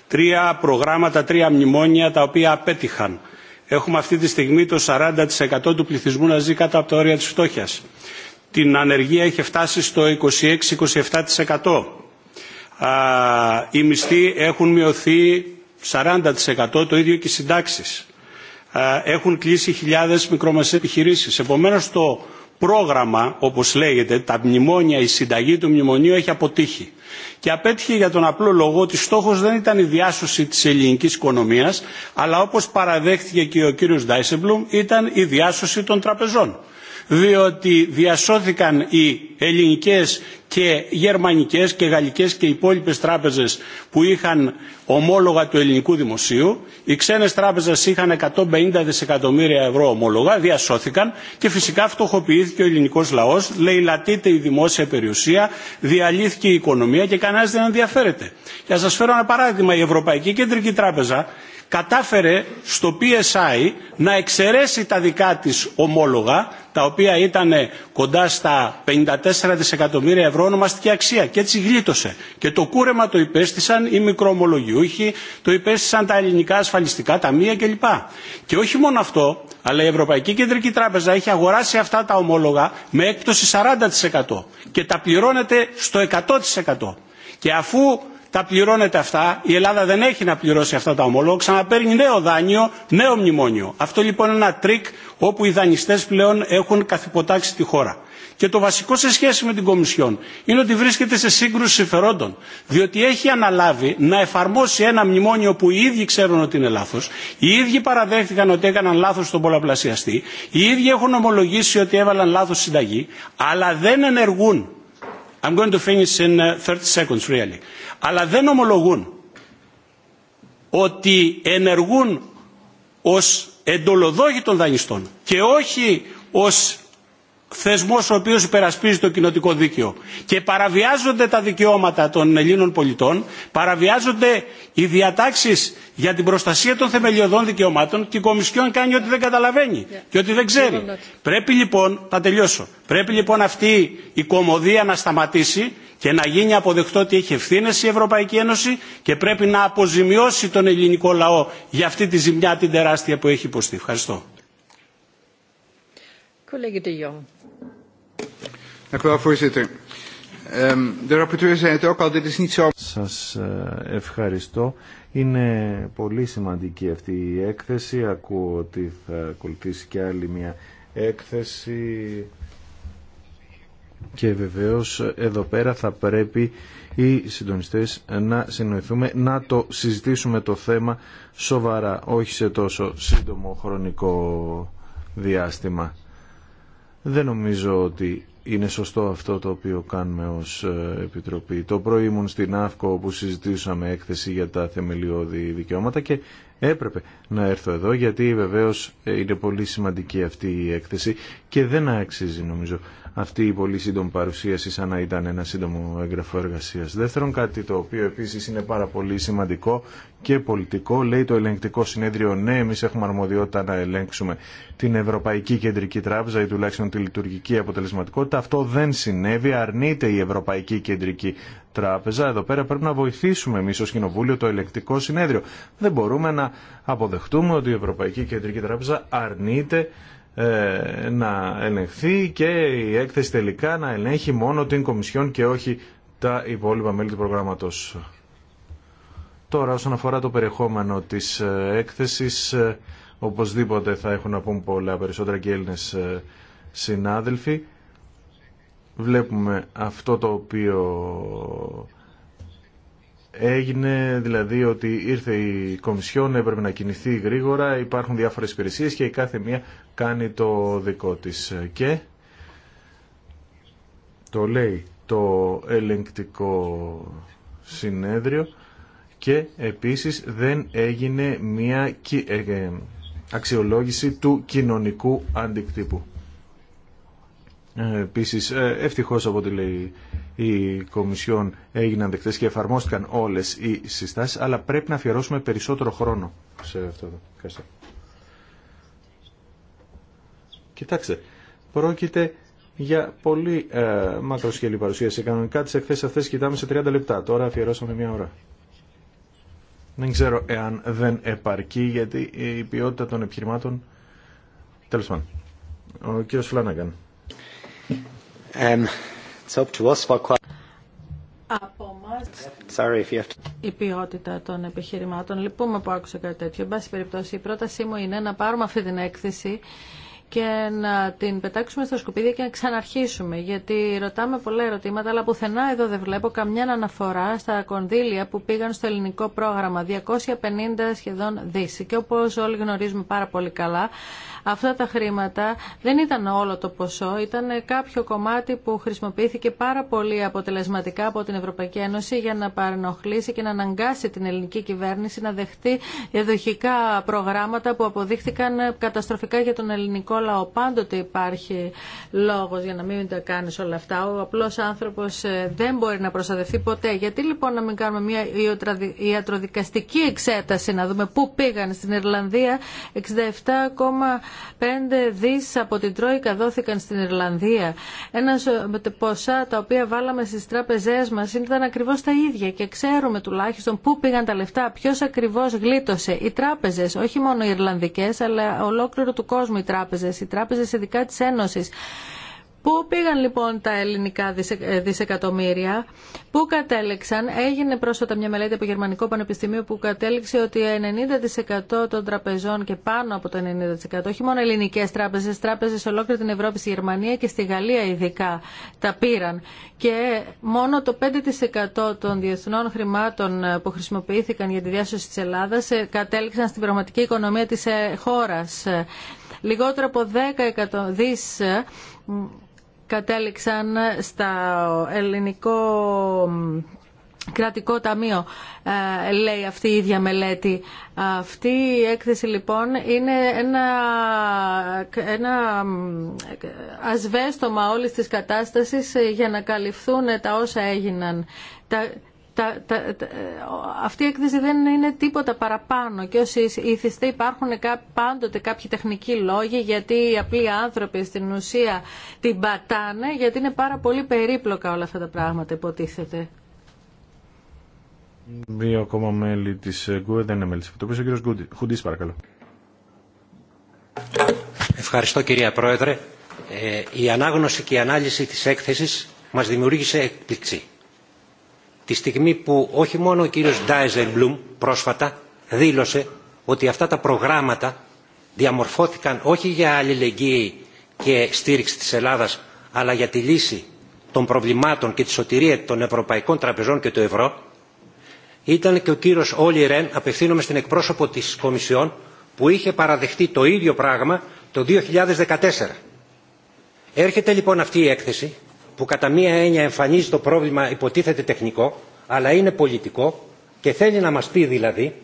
Τρία προγράμματα, τρία μνημόνια τα οποία απέτυχαν. Έχουμε αυτή τη στιγμή το 40% του πληθυσμού να ζει κάτω από τα όρια της φτώχειας. Την ανεργία έχει φτάσει στο 26-27%. Οι μισθοί έχουν μειωθεί 40%, το ίδιο και οι συντάξεις ε, έχουν κλείσει χιλιάδες μικρομεσαίες επιχειρήσεις. Επομένως το πρόγραμμα, όπως λέγεται, τα μνημόνια, η συνταγή του μνημονίου έχει αποτύχει. Και απέτυχε για τον απλό λόγο ότι στόχος δεν ήταν η διάσωση της ελληνικής οικονομίας, αλλά όπως παραδέχθηκε και ο κύριος Ντάισεμπλουμ, ήταν η διάσωση των τραπεζών διότι διασώθηκαν οι ελληνικές και γερμανικές και γαλλικές και υπόλοιπες τράπεζες που είχαν ομόλογα του ελληνικού δημοσίου. Οι ξένες τράπεζες είχαν 150 δισεκατομμύρια ευρώ ομόλογα, διασώθηκαν και φυσικά φτωχοποιήθηκε ο ελληνικός λαός, λαιλατείται η δημόσια περιουσία, διαλύθηκε η οικονομία και κανένας δεν ενδιαφέρεται. Για σας φέρω ένα παράδειγμα, η Ευρωπαϊκή Κεντρική Τράπεζα κατάφερε στο PSI να εξαιρέσει τα δικά της ομόλογα, τα οποία ήταν κοντά στα 54 δισεκατομμύρια ευρώ ονομαστική αξία και έτσι γλίτωσε. Και το κούρεμα το υπέστησαν οι μικροομολογιούχοι, το υπέστησαν τα ελληνικά ασφαλιστικά ταμεία κλπ. Και όχι μόνο αυτό, αλλά η Ευρωπαϊκή Κεντρική Τράπεζα έχει αγοράσει αυτά τα ομόλογα με έκπτωση 40% και τα πληρώνεται στο 100%. Και αφού τα πληρώνετε αυτά. Η Ελλάδα δεν έχει να πληρώσει αυτά τα ομόλογα. Ξαναπαίρνει νέο δάνειο, νέο μνημόνιο. Αυτό λοιπόν είναι ένα τρίκ όπου οι δανειστέ πλέον έχουν καθυποτάξει τη χώρα. Και το βασικό σε σχέση με την Κομισιόν είναι ότι βρίσκεται σε σύγκρουση συμφερόντων. Διότι έχει αναλάβει να εφαρμόσει ένα μνημόνιο που οι ίδιοι ξέρουν ότι είναι λάθο, οι ίδιοι παραδέχτηκαν ότι έκαναν λάθο στον πολλαπλασιαστή, οι ίδιοι έχουν ομολογήσει ότι έβαλαν λάθο συνταγή, αλλά δεν ενεργούν I'm going to finish in 30 uh, seconds really. Αλλά δεν ομολογούν ότι ενεργούν ως εντολοδόχοι των δανειστών και όχι ως θεσμός ο οποίος υπερασπίζει το κοινοτικό δίκαιο και παραβιάζονται τα δικαιώματα των Ελλήνων πολιτών, παραβιάζονται οι διατάξεις για την προστασία των θεμελιωδών δικαιωμάτων και η Κομισιόν κάνει ότι δεν καταλαβαίνει και ότι δεν ξέρει. Πρέπει λοιπόν, θα τελειώσω, πρέπει λοιπόν αυτή η κομμωδία να σταματήσει και να γίνει αποδεκτό ότι έχει ευθύνε η Ευρωπαϊκή Ένωση και πρέπει να αποζημιώσει τον ελληνικό λαό για αυτή τη ζημιά την τεράστια που έχει υποστεί. Ευχαριστώ. Collega Σας ευχαριστώ. Είναι πολύ σημαντική αυτή η έκθεση. Ακούω ότι θα ακολουθήσει και άλλη μια έκθεση και βεβαίως εδώ πέρα θα πρέπει οι συντονιστές να συνοηθούμε να το συζητήσουμε το θέμα σοβαρά, όχι σε τόσο σύντομο χρονικό διάστημα. Δεν νομίζω ότι είναι σωστό αυτό το οποίο κάνουμε ως ε, Επιτροπή. Το πρωί ήμουν στην ΑΦΚΟ όπου συζητήσαμε έκθεση για τα θεμελιώδη δικαιώματα και έπρεπε να έρθω εδώ γιατί βεβαίως ε, είναι πολύ σημαντική αυτή η έκθεση και δεν αξίζει νομίζω αυτή η πολύ σύντομη παρουσίαση σαν να ήταν ένα σύντομο έγγραφο εργασία. Δεύτερον, κάτι το οποίο επίση είναι πάρα πολύ σημαντικό και πολιτικό, λέει το ελεγκτικό συνέδριο, ναι, εμεί έχουμε αρμοδιότητα να ελέγξουμε την Ευρωπαϊκή Κεντρική Τράπεζα ή τουλάχιστον τη λειτουργική αποτελεσματικότητα. Αυτό δεν συνέβη, αρνείται η Ευρωπαϊκή Κεντρική Τράπεζα. Εδώ πέρα πρέπει να βοηθήσουμε εμεί ω Κοινοβούλιο το ελεγκτικό συνέδριο. Δεν μπορούμε να αποδεχτούμε ότι η Ευρωπαϊκή Κεντρική Τράπεζα αρνείται ε, να ελεγχθεί και η έκθεση τελικά να ελέγχει μόνο την Κομισιόν και όχι τα υπόλοιπα μέλη του προγράμματος. Τώρα όσον αφορά το περιεχόμενο της ε, έκθεσης, ε, οπωσδήποτε θα έχουν να πούν πολλά περισσότερα και Έλληνες συνάδελφοι. Βλέπουμε αυτό το οποίο Έγινε δηλαδή ότι ήρθε η Κομισιόν, έπρεπε να κινηθεί γρήγορα, υπάρχουν διάφορες υπηρεσίες και η κάθε μία κάνει το δικό της. Και το λέει το ελεγκτικό συνέδριο και επίσης δεν έγινε μία ε, ε, αξιολόγηση του κοινωνικού αντικτύπου. Ε, επίσης, ευτυχώς από ό,τι λέει η Κομισιόν έγιναν δεκτές και εφαρμόστηκαν όλες οι συστάσεις, αλλά πρέπει να αφιερώσουμε περισσότερο χρόνο σε αυτό. το. Ευχαριστώ. Κοιτάξτε, πρόκειται για πολύ ε, μακροσχελή παρουσίαση. Κανονικά τις εκθέσεις αυτές κοιτάμε σε 30 λεπτά. Τώρα αφιερώσαμε μια ώρα. Δεν ξέρω εάν δεν επαρκεί, γιατί η ποιότητα των επιχειρημάτων... Τέλος πάντων. Ο κύριος Φλάναγκαν από εμά, η ποιότητα των επιχειρημάτων. Λυπούμε που άκουσα κάτι τέτοιο. Εν πάση περιπτώσει, η πρότασή μου είναι να πάρουμε αυτή την έκθεση και να την πετάξουμε στα σκουπίδια και να ξαναρχίσουμε. Γιατί ρωτάμε πολλά ερωτήματα, αλλά πουθενά εδώ δεν βλέπω καμιά αναφορά στα κονδύλια που πήγαν στο ελληνικό πρόγραμμα. 250 σχεδόν δίση. Και όπω όλοι γνωρίζουμε πάρα πολύ καλά, αυτά τα χρήματα δεν ήταν όλο το ποσό, ήταν κάποιο κομμάτι που χρησιμοποιήθηκε πάρα πολύ αποτελεσματικά από την Ευρωπαϊκή Ένωση για να παρενοχλήσει και να αναγκάσει την ελληνική κυβέρνηση να δεχτεί διαδοχικά προγράμματα που αποδείχθηκαν καταστροφικά για τον ελληνικό όλα, ο πάντοτε υπάρχει λόγος για να μην τα κάνεις όλα αυτά. Ο απλός άνθρωπος ε, δεν μπορεί να προστατευτεί ποτέ. Γιατί λοιπόν να μην κάνουμε μια ιατροδικαστική εξέταση, να δούμε πού πήγαν στην Ιρλανδία. 67,5 δις από την Τρόικα δόθηκαν στην Ιρλανδία. Ένα ε, ποσά τα οποία βάλαμε στις τράπεζές μας ήταν ακριβώς τα ίδια και ξέρουμε τουλάχιστον πού πήγαν τα λεφτά, ποιος ακριβώς γλίτωσε. Οι τράπεζες, όχι μόνο οι Ιρλανδικές, αλλά ολόκληρο του κόσμου οι τράπεζε τράπεζες, οι τράπεζες ειδικά της Ένωσης. Πού πήγαν λοιπόν τα ελληνικά ε, δισεκατομμύρια, πού κατέληξαν, έγινε πρόσφατα μια μελέτη από Γερμανικό Πανεπιστημίο που κατέληξε ότι 90% των τραπεζών και πάνω από το 90%, όχι μόνο ελληνικέ τράπεζε, τράπεζε σε ολόκληρη την Ευρώπη, στη Γερμανία και στη Γαλλία ειδικά, τα πήραν. Και μόνο το 5% των διεθνών χρημάτων ε, που χρησιμοποιήθηκαν για τη διάσωση τη Ελλάδα ε, κατέληξαν στην πραγματική οικονομία τη χώρα. Λιγότερο από 10 εκατοδείς ε, κατέληξαν στα ελληνικό κρατικό ταμείο, ε, λέει αυτή η ίδια μελέτη. Αυτή η έκθεση λοιπόν είναι ένα, ένα ασβέστομα όλης της κατάστασης για να καλυφθούν τα όσα έγιναν τα, αυτή η έκθεση δεν είναι τίποτα παραπάνω και όσοι ήθιστε υπάρχουν πάντοτε κάποιοι τεχνικοί λόγοι γιατί οι απλοί άνθρωποι στην ουσία την πατάνε γιατί είναι πάρα πολύ περίπλοκα όλα αυτά τα πράγματα υποτίθεται. Δύο ακόμα μέλη δεν είναι μέλη κύριος παρακαλώ. Ευχαριστώ κυρία Πρόεδρε. Ε, η ανάγνωση και η ανάλυση της έκθεσης μας δημιούργησε έκπληξη τη στιγμή που όχι μόνο ο κύριος Ντάιζελμπλουμ πρόσφατα δήλωσε ότι αυτά τα προγράμματα διαμορφώθηκαν όχι για αλληλεγγύη και στήριξη της Ελλάδας αλλά για τη λύση των προβλημάτων και τη σωτηρία των Ευρωπαϊκών Τραπεζών και του Ευρώ ήταν και ο κύριος Όλι Ρεν, απευθύνομαι στην εκπρόσωπο της Κομισιόν, που είχε παραδεχτεί το ίδιο πράγμα το 2014. Έρχεται λοιπόν αυτή η έκθεση που κατά μία έννοια εμφανίζει το πρόβλημα υποτίθεται τεχνικό αλλά είναι πολιτικό και θέλει να μας πει δηλαδή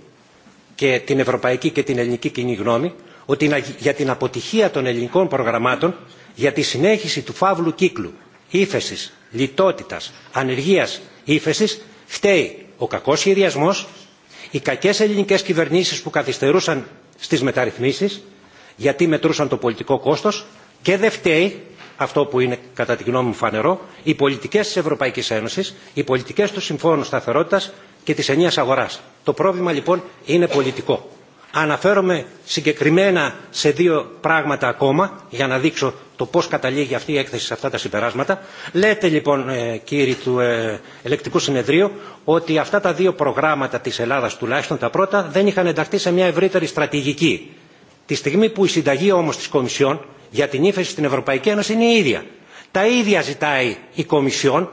και την ευρωπαϊκή και την ελληνική κοινή γνώμη ότι για την αποτυχία των ελληνικών προγραμμάτων για τη συνέχιση του φαύλου κύκλου ύφεση, λιτότητας, ανεργίας ύφεση φταίει ο κακός σχεδιασμός, οι κακές ελληνικές κυβερνήσεις που καθυστερούσαν στις μεταρρυθμίσεις γιατί μετρούσαν το πολιτικό κόστος και δεν φταίει αυτό που είναι κατά τη γνώμη μου φανερό, οι πολιτικέ τη Ευρωπαϊκή Ένωση, οι πολιτικέ του Συμφώνου Σταθερότητα και τη ενία αγορά. Το πρόβλημα λοιπόν είναι πολιτικό. Αναφέρομαι συγκεκριμένα σε δύο πράγματα ακόμα για να δείξω το πώς καταλήγει αυτή η έκθεση σε αυτά τα συμπεράσματα. Λέτε λοιπόν ε, κύριοι του ε, Ελεκτικού Συνεδρίου ότι αυτά τα δύο προγράμματα της Ελλάδας τουλάχιστον τα πρώτα δεν είχαν ενταχθεί σε μια ευρύτερη στρατηγική Τη στιγμή που η συνταγή όμως της Κομισιόν για την ύφεση στην Ευρωπαϊκή Ένωση είναι η ίδια. Τα ίδια ζητάει η Κομισιόν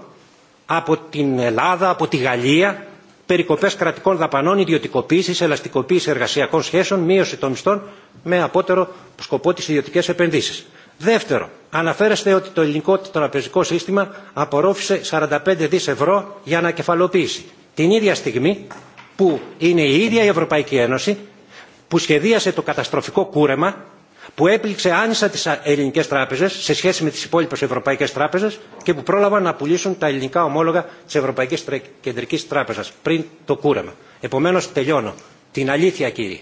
από την Ελλάδα, από τη Γαλλία, περικοπές κρατικών δαπανών, ιδιωτικοποίηση, ελαστικοποίηση εργασιακών σχέσεων, μείωση των μισθών με απότερο σκοπό τις ιδιωτικές επενδύσεις. Δεύτερο, αναφέρεστε ότι το ελληνικό τραπεζικό σύστημα απορρόφησε 45 δις ευρώ για ανακεφαλοποίηση. Την ίδια στιγμή που είναι η ίδια η Ευρωπαϊκή Ένωση που σχεδίασε το καταστροφικό κούρεμα που έπληξε άνισα τις ελληνικές τράπεζες σε σχέση με τις υπόλοιπες ευρωπαϊκές τράπεζες και που πρόλαβαν να πουλήσουν τα ελληνικά ομόλογα της Ευρωπαϊκής Κεντρικής Τράπεζας πριν το κούρεμα. Επομένως τελειώνω. Την αλήθεια κύριε.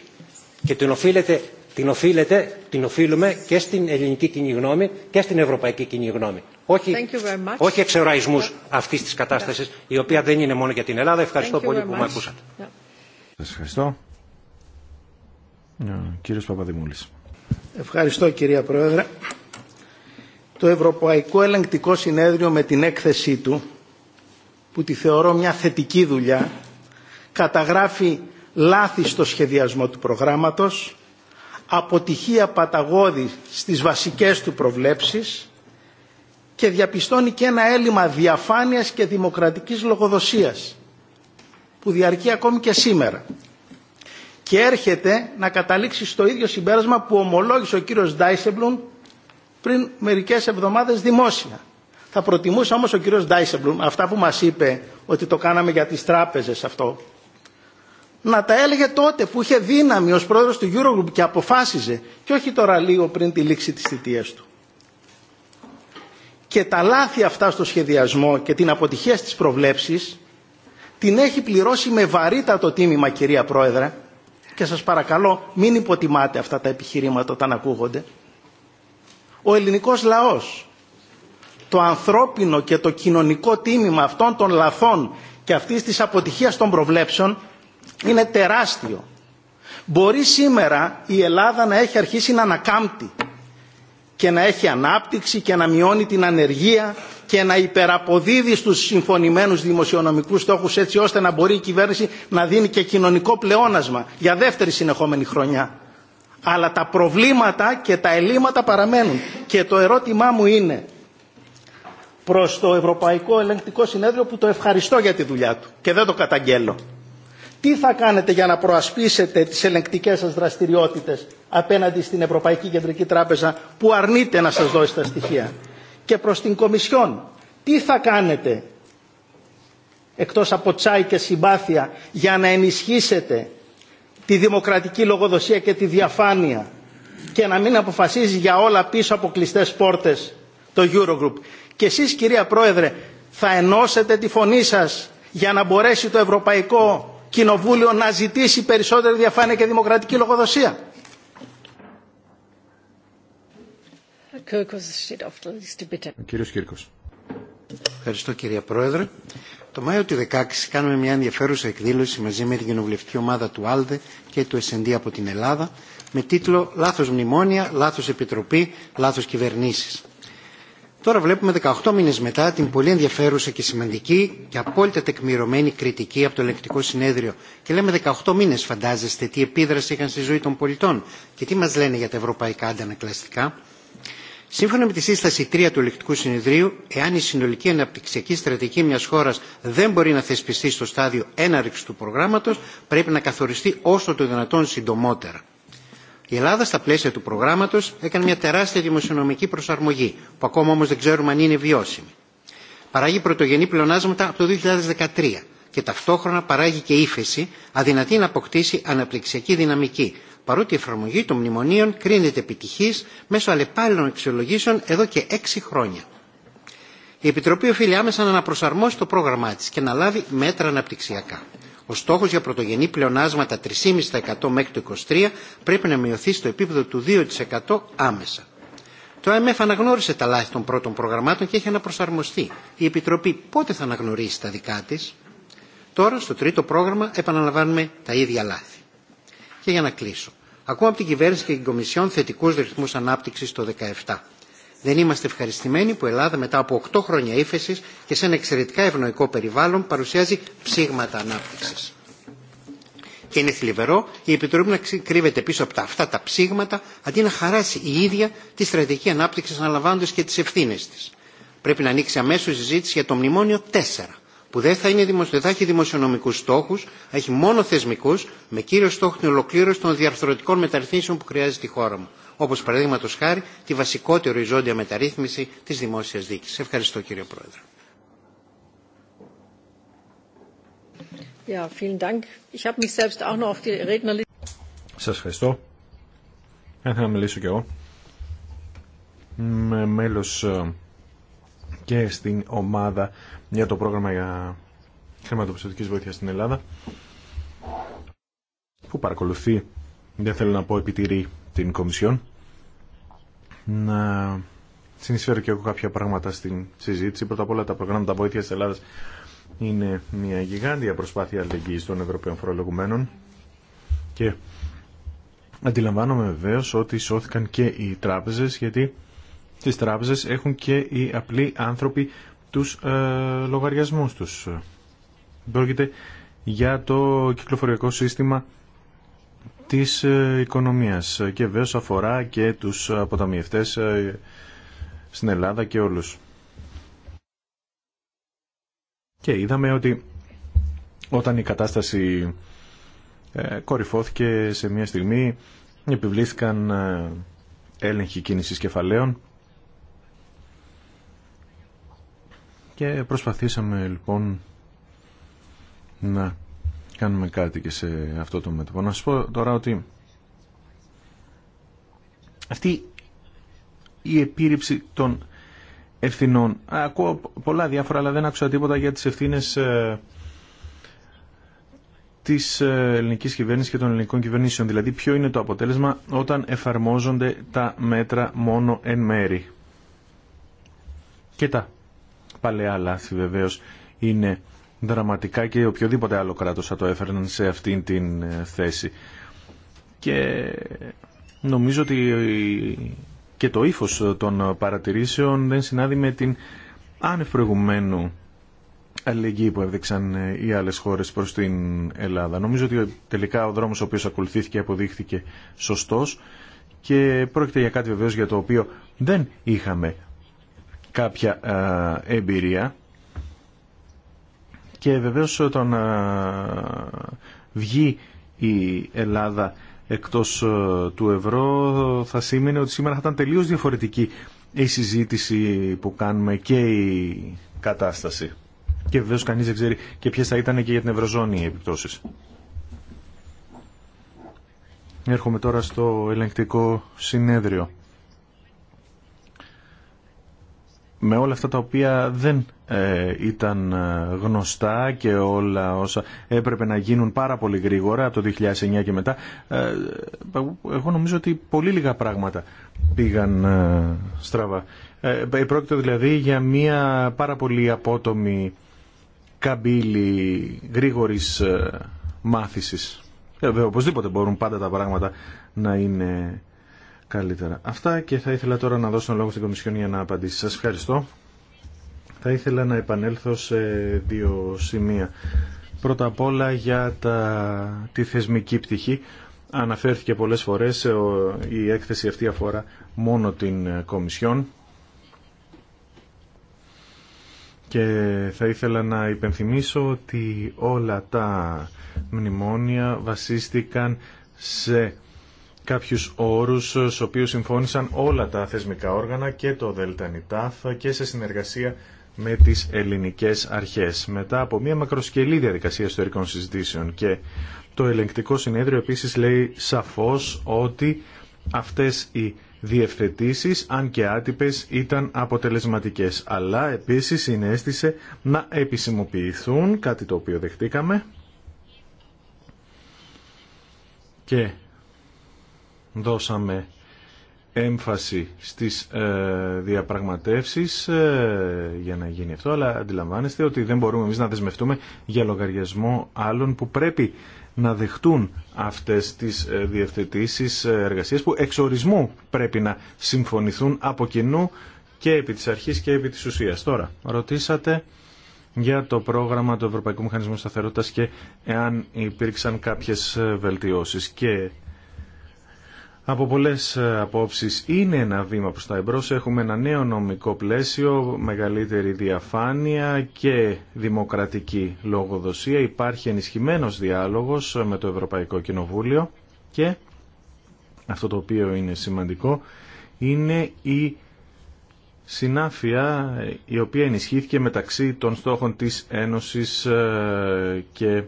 Και την οφείλετε την, οφείλετε, την οφείλουμε και στην ελληνική κοινή γνώμη και στην ευρωπαϊκή κοινή γνώμη. Όχι, όχι αυτή αυτής της κατάστασης, η οποία δεν είναι μόνο για την Ελλάδα. Ευχαριστώ πολύ που με ακούσατε. Σας ευχαριστώ. Ναι, κύριος Παπαδημούλης. Ευχαριστώ κυρία Πρόεδρε. Το Ευρωπαϊκό Ελεγκτικό Συνέδριο με την έκθεσή του, που τη θεωρώ μια θετική δουλειά, καταγράφει λάθη στο σχεδιασμό του προγράμματος, αποτυχία παταγώδη στις βασικές του προβλέψεις και διαπιστώνει και ένα έλλειμμα διαφάνειας και δημοκρατικής λογοδοσίας που διαρκεί ακόμη και σήμερα και έρχεται να καταλήξει στο ίδιο συμπέρασμα που ομολόγησε ο κύριος Ντάισεμπλουμ πριν μερικές εβδομάδες δημόσια. Θα προτιμούσα όμως ο κύριος Ντάισεμπλουμ αυτά που μας είπε ότι το κάναμε για τις τράπεζες αυτό να τα έλεγε τότε που είχε δύναμη ως πρόεδρος του Eurogroup και αποφάσιζε και όχι τώρα λίγο πριν τη λήξη της θητείας του. Και τα λάθη αυτά στο σχεδιασμό και την αποτυχία στις προβλέψεις την έχει πληρώσει με βαρύτατο τίμημα κυρία Πρόεδρε και σας παρακαλώ μην υποτιμάτε αυτά τα επιχειρήματα όταν ακούγονται. Ο ελληνικός λαός, το ανθρώπινο και το κοινωνικό τίμημα αυτών των λαθών και αυτής της αποτυχίας των προβλέψεων είναι τεράστιο. Μπορεί σήμερα η Ελλάδα να έχει αρχίσει να ανακάμπτει και να έχει ανάπτυξη και να μειώνει την ανεργία και να υπεραποδίδει στους συμφωνημένους δημοσιονομικούς στόχους έτσι ώστε να μπορεί η κυβέρνηση να δίνει και κοινωνικό πλεόνασμα για δεύτερη συνεχόμενη χρονιά. Αλλά τα προβλήματα και τα ελλείμματα παραμένουν. Και το ερώτημά μου είναι προς το Ευρωπαϊκό Ελεγκτικό Συνέδριο που το ευχαριστώ για τη δουλειά του και δεν το καταγγέλλω τι θα κάνετε για να προασπίσετε τις ελεγκτικές σας δραστηριότητες απέναντι στην Ευρωπαϊκή Κεντρική Τράπεζα που αρνείται να σας δώσει τα στοιχεία. Και προς την Κομισιόν, τι θα κάνετε εκτός από τσάι και συμπάθεια για να ενισχύσετε τη δημοκρατική λογοδοσία και τη διαφάνεια και να μην αποφασίζει για όλα πίσω από κλειστές πόρτες το Eurogroup. Και εσείς κυρία Πρόεδρε θα ενώσετε τη φωνή σας για να μπορέσει το Ευρωπαϊκό Κοινοβούλιο να ζητήσει περισσότερη διαφάνεια και δημοκρατική λογοδοσία. κύριος Ευχαριστώ κύριε Πρόεδρε. Το Μάιο του 2016 κάνουμε μια ενδιαφέρουσα εκδήλωση μαζί με την κοινοβουλευτική ομάδα του ΑΛΔΕ και του S&D από την Ελλάδα με τίτλο «Λάθος μνημόνια, λάθος επιτροπή, λάθος κυβερνήσεις». Τώρα βλέπουμε 18 μήνες μετά την πολύ ενδιαφέρουσα και σημαντική και απόλυτα τεκμηρωμένη κριτική από το Ελεκτικό συνέδριο. Και λέμε 18 μήνες φαντάζεστε τι επίδραση είχαν στη ζωή των πολιτών και τι μας λένε για τα ευρωπαϊκά αντανακλαστικά. Σύμφωνα με τη σύσταση 3 του Ελεκτικού συνεδρίου, εάν η συνολική αναπτυξιακή στρατηγική μια χώρα δεν μπορεί να θεσπιστεί στο στάδιο έναρξη του προγράμματο, πρέπει να καθοριστεί όσο το δυνατόν συντομότερα. Η Ελλάδα στα πλαίσια του προγράμματος έκανε μια τεράστια δημοσιονομική προσαρμογή, που ακόμα όμως δεν ξέρουμε αν είναι βιώσιμη. Παράγει πρωτογενή πλεονάσματα από το 2013 και ταυτόχρονα παράγει και ύφεση, αδυνατή να αποκτήσει αναπτυξιακή δυναμική, παρότι η εφαρμογή των μνημονίων κρίνεται επιτυχής μέσω αλλεπάλληλων αξιολογήσεων εδώ και έξι χρόνια. Η Επιτροπή οφείλει άμεσα να αναπροσαρμόσει το πρόγραμμά τη και να λάβει μέτρα αναπτυξιακά. Ο στόχο για πρωτογενή πλεονάσματα 3,5% μέχρι το 2023 πρέπει να μειωθεί στο επίπεδο του 2% άμεσα. Το IMF αναγνώρισε τα λάθη των πρώτων προγραμμάτων και έχει αναπροσαρμοστεί. Η Επιτροπή πότε θα αναγνωρίσει τα δικά τη. Τώρα, στο τρίτο πρόγραμμα, επαναλαμβάνουμε τα ίδια λάθη. Και για να κλείσω. Ακούω από την κυβέρνηση και την Κομισιόν θετικού ρυθμού ανάπτυξη το 2017. Δεν είμαστε ευχαριστημένοι που η Ελλάδα μετά από 8 χρόνια ύφεση και σε ένα εξαιρετικά ευνοϊκό περιβάλλον παρουσιάζει ψήγματα ανάπτυξη. Και είναι θλιβερό η Επιτροπή να κρύβεται πίσω από αυτά τα ψήγματα αντί να χαράσει η ίδια τη στρατηγική ανάπτυξη αναλαμβάνοντα και τι ευθύνε τη. Πρέπει να ανοίξει αμέσω συζήτηση για το μνημόνιο 4 που δεν θα, είναι, δεν θα έχει δημοσιονομικού στόχου, έχει μόνο θεσμικού, με κύριο στόχο την ολοκλήρωση των διαρθρωτικών μεταρρυθμίσεων που χρειάζεται η χώρα μου όπω παραδείγματο χάρη τη βασικότερη οριζόντια μεταρρύθμιση τη δημόσια δίκη. Ευχαριστώ κύριε Πρόεδρε. Σας ευχαριστώ. Ε, θα μιλήσω κι εγώ. Είμαι μέλος ε, και στην ομάδα για το πρόγραμμα για χρηματοπιστωτική βοήθεια στην Ελλάδα που παρακολουθεί, δεν θέλω να πω επιτηρεί την Κομισιόν να συνεισφέρω και εγώ κάποια πράγματα στην συζήτηση. Πρώτα απ' όλα τα προγράμματα βοήθεια της Ελλάδας είναι μια γιγάντια προσπάθεια αλληλεγγύης των Ευρωπαίων φορολογουμένων και αντιλαμβάνομαι βεβαίω ότι σώθηκαν και οι τράπεζες γιατί τις τράπεζες έχουν και οι απλοί άνθρωποι τους ε, λογαριασμούς τους. Πρόκειται για το κυκλοφοριακό σύστημα της ε, οικονομίας και βέβαια αφορά και τους αποταμιευτές ε, στην Ελλάδα και όλους. Και είδαμε ότι όταν η κατάσταση ε, κορυφώθηκε σε μια στιγμή επιβλήθηκαν έλεγχοι κίνησης κεφαλαίων και προσπαθήσαμε λοιπόν να κάνουμε κάτι και σε αυτό το μέτωπο. Να σας πω τώρα ότι αυτή η επίρρηψη των ευθυνών. Ακούω πολλά διάφορα, αλλά δεν άκουσα τίποτα για τις ευθύνες ε, της ε, ελληνικής κυβέρνησης και των ελληνικών κυβερνήσεων. Δηλαδή, ποιο είναι το αποτέλεσμα όταν εφαρμόζονται τα μέτρα μόνο εν μέρη. Και τα παλαιά λάθη βεβαίως είναι δραματικά και οποιοδήποτε άλλο κράτος θα το έφερναν σε αυτήν την ε, θέση. Και νομίζω ότι και το ύφος των παρατηρήσεων δεν συνάδει με την άνευ προηγουμένου αλληλεγγύη που έδειξαν ε, οι άλλες χώρες προς την Ελλάδα. Νομίζω ότι τελικά ο δρόμος ο οποίος ακολουθήθηκε αποδείχθηκε σωστός και πρόκειται για κάτι βεβαίως για το οποίο δεν είχαμε κάποια ε, εμπειρία και βεβαίως όταν ε, βγει η Ελλάδα εκτός ε, του ευρώ θα σήμαινε ότι σήμερα θα ήταν τελείως διαφορετική η συζήτηση που κάνουμε και η κατάσταση. Και βεβαίως κανείς δεν ξέρει και ποιες θα ήταν και για την Ευρωζώνη οι επιπτώσεις. Έρχομαι τώρα στο ελεγκτικό συνέδριο. με όλα αυτά τα οποία δεν ε, ήταν ε, γνωστά και όλα όσα έπρεπε να γίνουν πάρα πολύ γρήγορα από το 2009 και μετά ε, εγώ νομίζω ότι πολύ λίγα πράγματα πήγαν ε, στραβά. Πρόκειται δηλαδή για μια πάρα πολύ απότομη καμπύλη γρήγορης μάθησης. Βέβαια οπωσδήποτε μπορούν πάντα τα πράγματα να είναι καλύτερα. Αυτά και θα ήθελα τώρα να δώσω λόγο στην Κομισιόν για να απαντήσει. Σας ευχαριστώ. Θα ήθελα να επανέλθω σε δύο σημεία. Πρώτα απ' όλα για τα... τη θεσμική πτυχή. Αναφέρθηκε πολλές φορές, ε, η έκθεση αυτή αφορά μόνο την ε, Κομισιόν και θα ήθελα να υπενθυμίσω ότι όλα τα μνημόνια βασίστηκαν σε Κάποιου όρου στου οποίου συμφώνησαν όλα τα θεσμικά όργανα και το ΔΕΛΤΑΝΙΤΑΦ και σε συνεργασία με τι ελληνικέ αρχές. Μετά από μια μακροσκελή διαδικασία ιστορικών συζητήσεων και το ελεγκτικό συνέδριο επίση λέει σαφώ ότι αυτές οι διευθετήσει, αν και άτυπε ήταν αποτελεσματικέ. Αλλά επίση συνέστησε να επισημοποιηθούν, κάτι το οποίο δεχτήκαμε, και δώσαμε έμφαση στις ε, διαπραγματεύσεις ε, για να γίνει αυτό, αλλά αντιλαμβάνεστε ότι δεν μπορούμε εμείς να δεσμευτούμε για λογαριασμό άλλων που πρέπει να δεχτούν αυτές τις ε, διευθετήσεις ε, εργασίες που εξ ορισμού πρέπει να συμφωνηθούν από κοινού και επί της αρχής και επί της ουσίας. Τώρα, ρωτήσατε για το πρόγραμμα του Ευρωπαϊκού Μηχανισμού Σταθερότητας και εάν υπήρξαν κάποιες βελτιώσεις και από πολλέ ε, απόψεις είναι ένα βήμα προ τα εμπρό. Έχουμε ένα νέο νομικό πλαίσιο, μεγαλύτερη διαφάνεια και δημοκρατική λογοδοσία. Υπάρχει ενισχυμένο διάλογος με το Ευρωπαϊκό Κοινοβούλιο και αυτό το οποίο είναι σημαντικό είναι η συνάφεια ε, η οποία ενισχύθηκε μεταξύ των στόχων της Ένωσης ε, και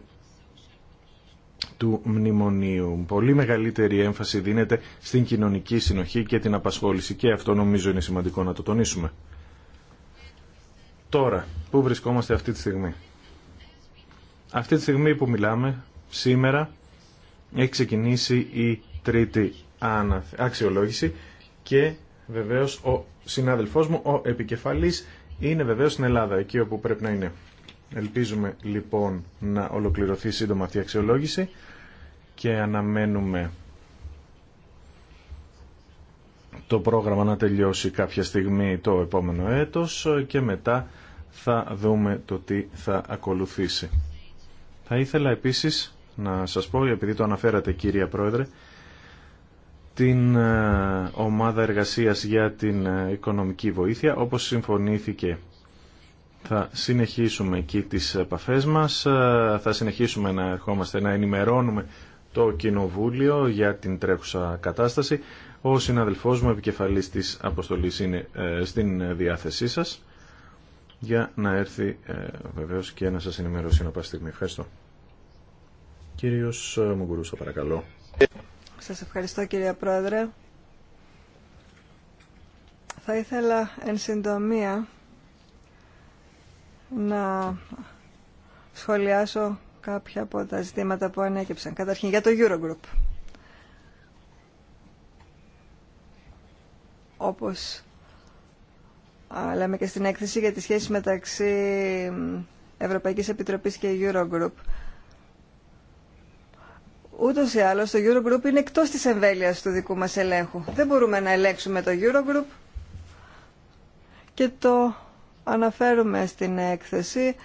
του μνημονίου. Πολύ μεγαλύτερη έμφαση δίνεται στην κοινωνική συνοχή και την απασχόληση και αυτό νομίζω είναι σημαντικό να το τονίσουμε. Τώρα, πού βρισκόμαστε αυτή τη στιγμή. Αυτή τη στιγμή που μιλάμε, σήμερα, έχει ξεκινήσει η τρίτη αξιολόγηση και βεβαίως ο συνάδελφός μου, ο επικεφαλής, είναι βεβαίως στην Ελλάδα, εκεί όπου πρέπει να είναι. Ελπίζουμε λοιπόν να ολοκληρωθεί σύντομα αυτή η αξιολόγηση και αναμένουμε το πρόγραμμα να τελειώσει κάποια στιγμή το επόμενο έτος και μετά θα δούμε το τι θα ακολουθήσει. Θα ήθελα επίσης να σας πω, επειδή το αναφέρατε κυρία Πρόεδρε, την ε, ομάδα εργασίας για την ε, οικονομική βοήθεια, όπως συμφωνήθηκε θα συνεχίσουμε εκεί τις επαφές μας, ε, θα συνεχίσουμε να ερχόμαστε να ενημερώνουμε το Κοινοβούλιο για την τρέχουσα κατάσταση. Ο συναδελφός μου, επικεφαλής της αποστολής, είναι ε, στην διάθεσή σας για να έρθει ε, βεβαίως και να σας ενημερώσει να πάει στιγμή. Ευχαριστώ. Κύριος Μουγκουρούσα, παρακαλώ. Σας ευχαριστώ κύριε Πρόεδρε. Θα ήθελα εν συντομία να σχολιάσω κάποια από τα ζητήματα που ανέκυψαν. Καταρχήν για το Eurogroup. Όπως λέμε και στην έκθεση για τη σχέση μεταξύ Ευρωπαϊκής Επιτροπής και Eurogroup. Ούτως ή άλλως το Eurogroup είναι εκτός της εμβέλειας του δικού μας ελέγχου. Δεν μπορούμε να ελέγξουμε το Eurogroup και το αναφέρουμε στην έκθεση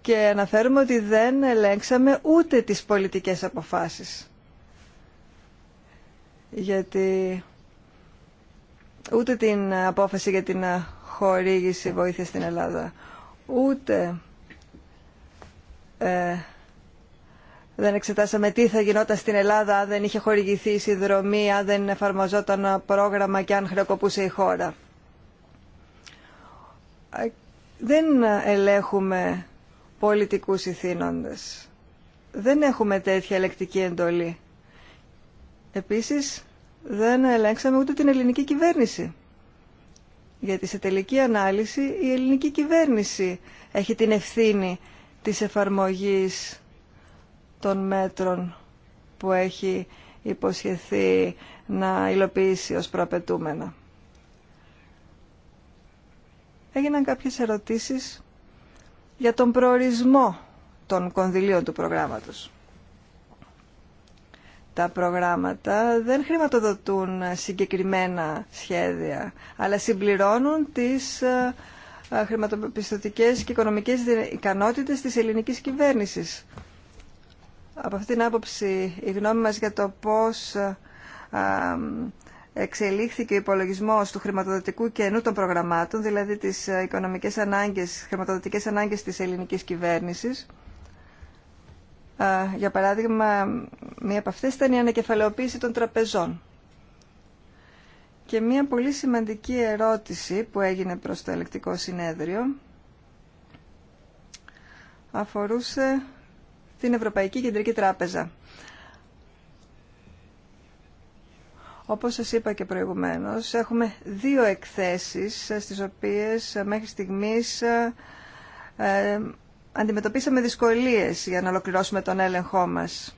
και αναφέρουμε ότι δεν ελέγξαμε ούτε τις πολιτικές αποφάσεις. Γιατί ούτε την απόφαση για την χορήγηση βοήθεια στην Ελλάδα, ούτε ε, δεν εξετάσαμε τι θα γινόταν στην Ελλάδα αν δεν είχε χορηγηθεί η συνδρομή, αν δεν εφαρμοζόταν πρόγραμμα και αν χρεοκοπούσε η χώρα δεν ελέγχουμε πολιτικούς ηθήνοντες. Δεν έχουμε τέτοια ελεκτική εντολή. Επίσης, δεν ελέγξαμε ούτε την ελληνική κυβέρνηση. Γιατί σε τελική ανάλυση η ελληνική κυβέρνηση έχει την ευθύνη της εφαρμογής των μέτρων που έχει υποσχεθεί να υλοποιήσει ως προαπαιτούμενα έγιναν κάποιες ερωτήσεις για τον προορισμό των κονδυλίων του προγράμματος. Τα προγράμματα δεν χρηματοδοτούν συγκεκριμένα σχέδια, αλλά συμπληρώνουν τις ε, ε, χρηματοπιστωτικές και οικονομικές ικανότητες της ελληνικής κυβέρνησης. Από αυτήν την άποψη η γνώμη μας για το πώς ε, εξελίχθηκε ο υπολογισμός του χρηματοδοτικού κενού των προγραμμάτων, δηλαδή τις ε, οικονομικές ανάγκες, χρηματοδοτικές ανάγκες της ελληνικής κυβέρνησης. Ε, για παράδειγμα, μία από αυτές ήταν η ανακεφαλαιοποίηση των τραπεζών. Και μία πολύ σημαντική ερώτηση που έγινε προς το ελεκτικό συνέδριο αφορούσε την Ευρωπαϊκή Κεντρική Τράπεζα. Όπως σας είπα και προηγουμένως, έχουμε δύο εκθέσεις ε, στις οποίες ε, μέχρι στιγμής ε, αντιμετωπίσαμε δυσκολίες για να ολοκληρώσουμε τον έλεγχό μας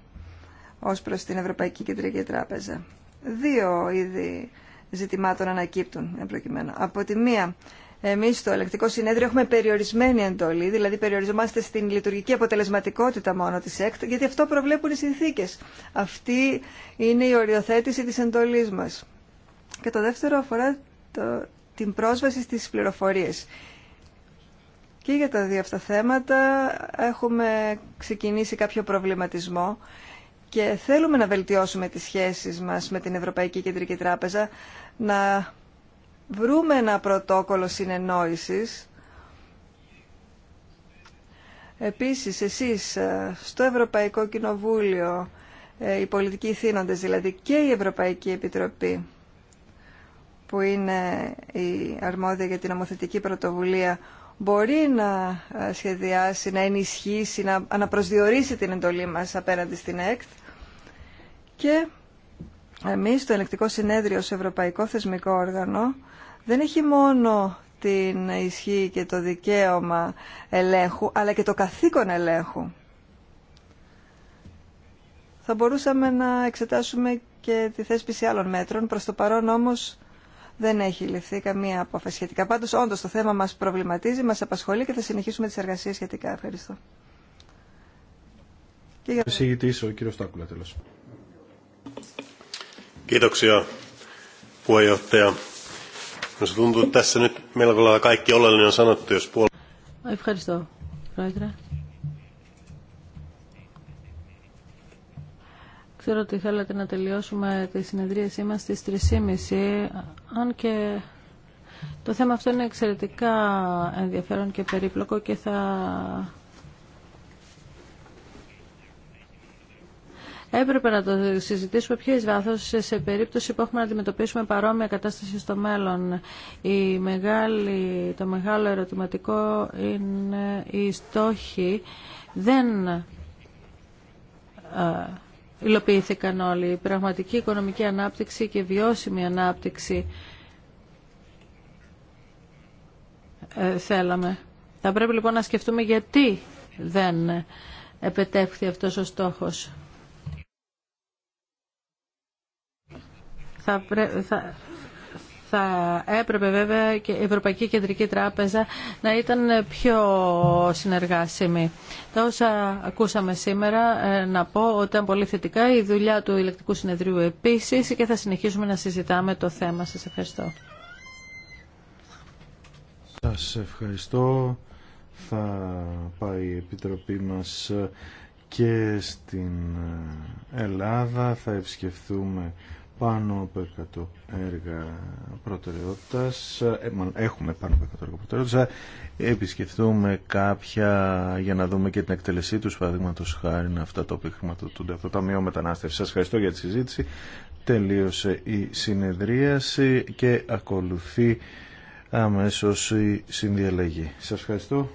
ως προς την Ευρωπαϊκή Κεντρική Τράπεζα. Δύο είδη ζητημάτων ανακύπτουν, προκειμένου. Από τη μία, Εμεί στο ελεκτικό συνέδριο έχουμε περιορισμένη εντολή, δηλαδή περιοριζόμαστε στην λειτουργική αποτελεσματικότητα μόνο της ΕΚΤ, γιατί αυτό προβλέπουν οι συνθήκες. Αυτή είναι η οριοθέτηση της εντολής μας. Και το δεύτερο αφορά την πρόσβαση στι πληροφορίε. Και για τα δύο αυτά θέματα έχουμε ξεκινήσει κάποιο προβληματισμό και θέλουμε να βελτιώσουμε τις σχέσεις μας με την Ευρωπαϊκή Κεντρική Τράπεζα, να βρούμε ένα πρωτόκολλο συνεννόησης. Επίσης, εσείς ε, στο Ευρωπαϊκό Κοινοβούλιο, ε, οι πολιτικοί θύνοντες δηλαδή και η Ευρωπαϊκή Επιτροπή, που είναι η αρμόδια για την νομοθετική πρωτοβουλία, μπορεί να ε, σχεδιάσει, να ενισχύσει, να αναπροσδιορίσει την εντολή μας απέναντι στην ΕΚΤ και εμείς το Ελεκτικό Συνέδριο, ως Ευρωπαϊκό Θεσμικό Όργανο, δεν έχει μόνο την ισχύ και το δικαίωμα ελέγχου, αλλά και το καθήκον ελέγχου. Θα μπορούσαμε να εξετάσουμε και τη θέσπιση άλλων μέτρων. Προς το παρόν όμως δεν έχει ληφθεί καμία απόφαση σχετικά. Πάντως όντως το θέμα μας προβληματίζει, μας απασχολεί και θα συνεχίσουμε τις εργασίες σχετικά. Ευχαριστώ. Και τέλος. Ε, Ευχαριστώ, Πρόεδρε. Ξέρω ότι θέλετε να τελειώσουμε τη συνεδρίασή μας στις 3.30, αν και το θέμα αυτό είναι εξαιρετικά ενδιαφέρον και περίπλοκο και θα Έπρεπε να το συζητήσουμε πιο εις βάθος σε περίπτωση που έχουμε να αντιμετωπίσουμε παρόμοια κατάσταση στο μέλλον. Η μεγάλη, το μεγάλο ερωτηματικό είναι η στόχοι δεν υλοποιήθηκαν όλοι. Η πραγματική οικονομική ανάπτυξη και βιώσιμη ανάπτυξη ε, θέλαμε. Θα πρέπει λοιπόν να σκεφτούμε γιατί δεν επετεύχθη αυτός ο στόχος. Θα, θα, θα έπρεπε βέβαια και η Ευρωπαϊκή Κεντρική Τράπεζα να ήταν πιο συνεργάσιμη. Τα όσα ακούσαμε σήμερα ε, να πω ότι ήταν πολύ θετικά η δουλειά του ηλεκτρικού συνεδρίου επίσης και θα συνεχίσουμε να συζητάμε το θέμα. Σας ευχαριστώ. Σας ευχαριστώ. Θα πάει η Επιτροπή μας και στην Ελλάδα. Θα ευσκεφθούμε πάνω από 100 έργα προτεραιότητας, ε, έχουμε πάνω από 100 έργα προτεραιότητας, ε, επισκεφθούμε κάποια για να δούμε και την εκτελεσή τους, παραδείγματος χάρη αυτά τα οποία χρηματοδοτούνται από το Ταμείο Μετανάστευση. Σας ευχαριστώ για τη συζήτηση. Τελείωσε η συνεδρίαση και ακολουθεί αμέσως η συνδιαλλαγή. Σας ευχαριστώ.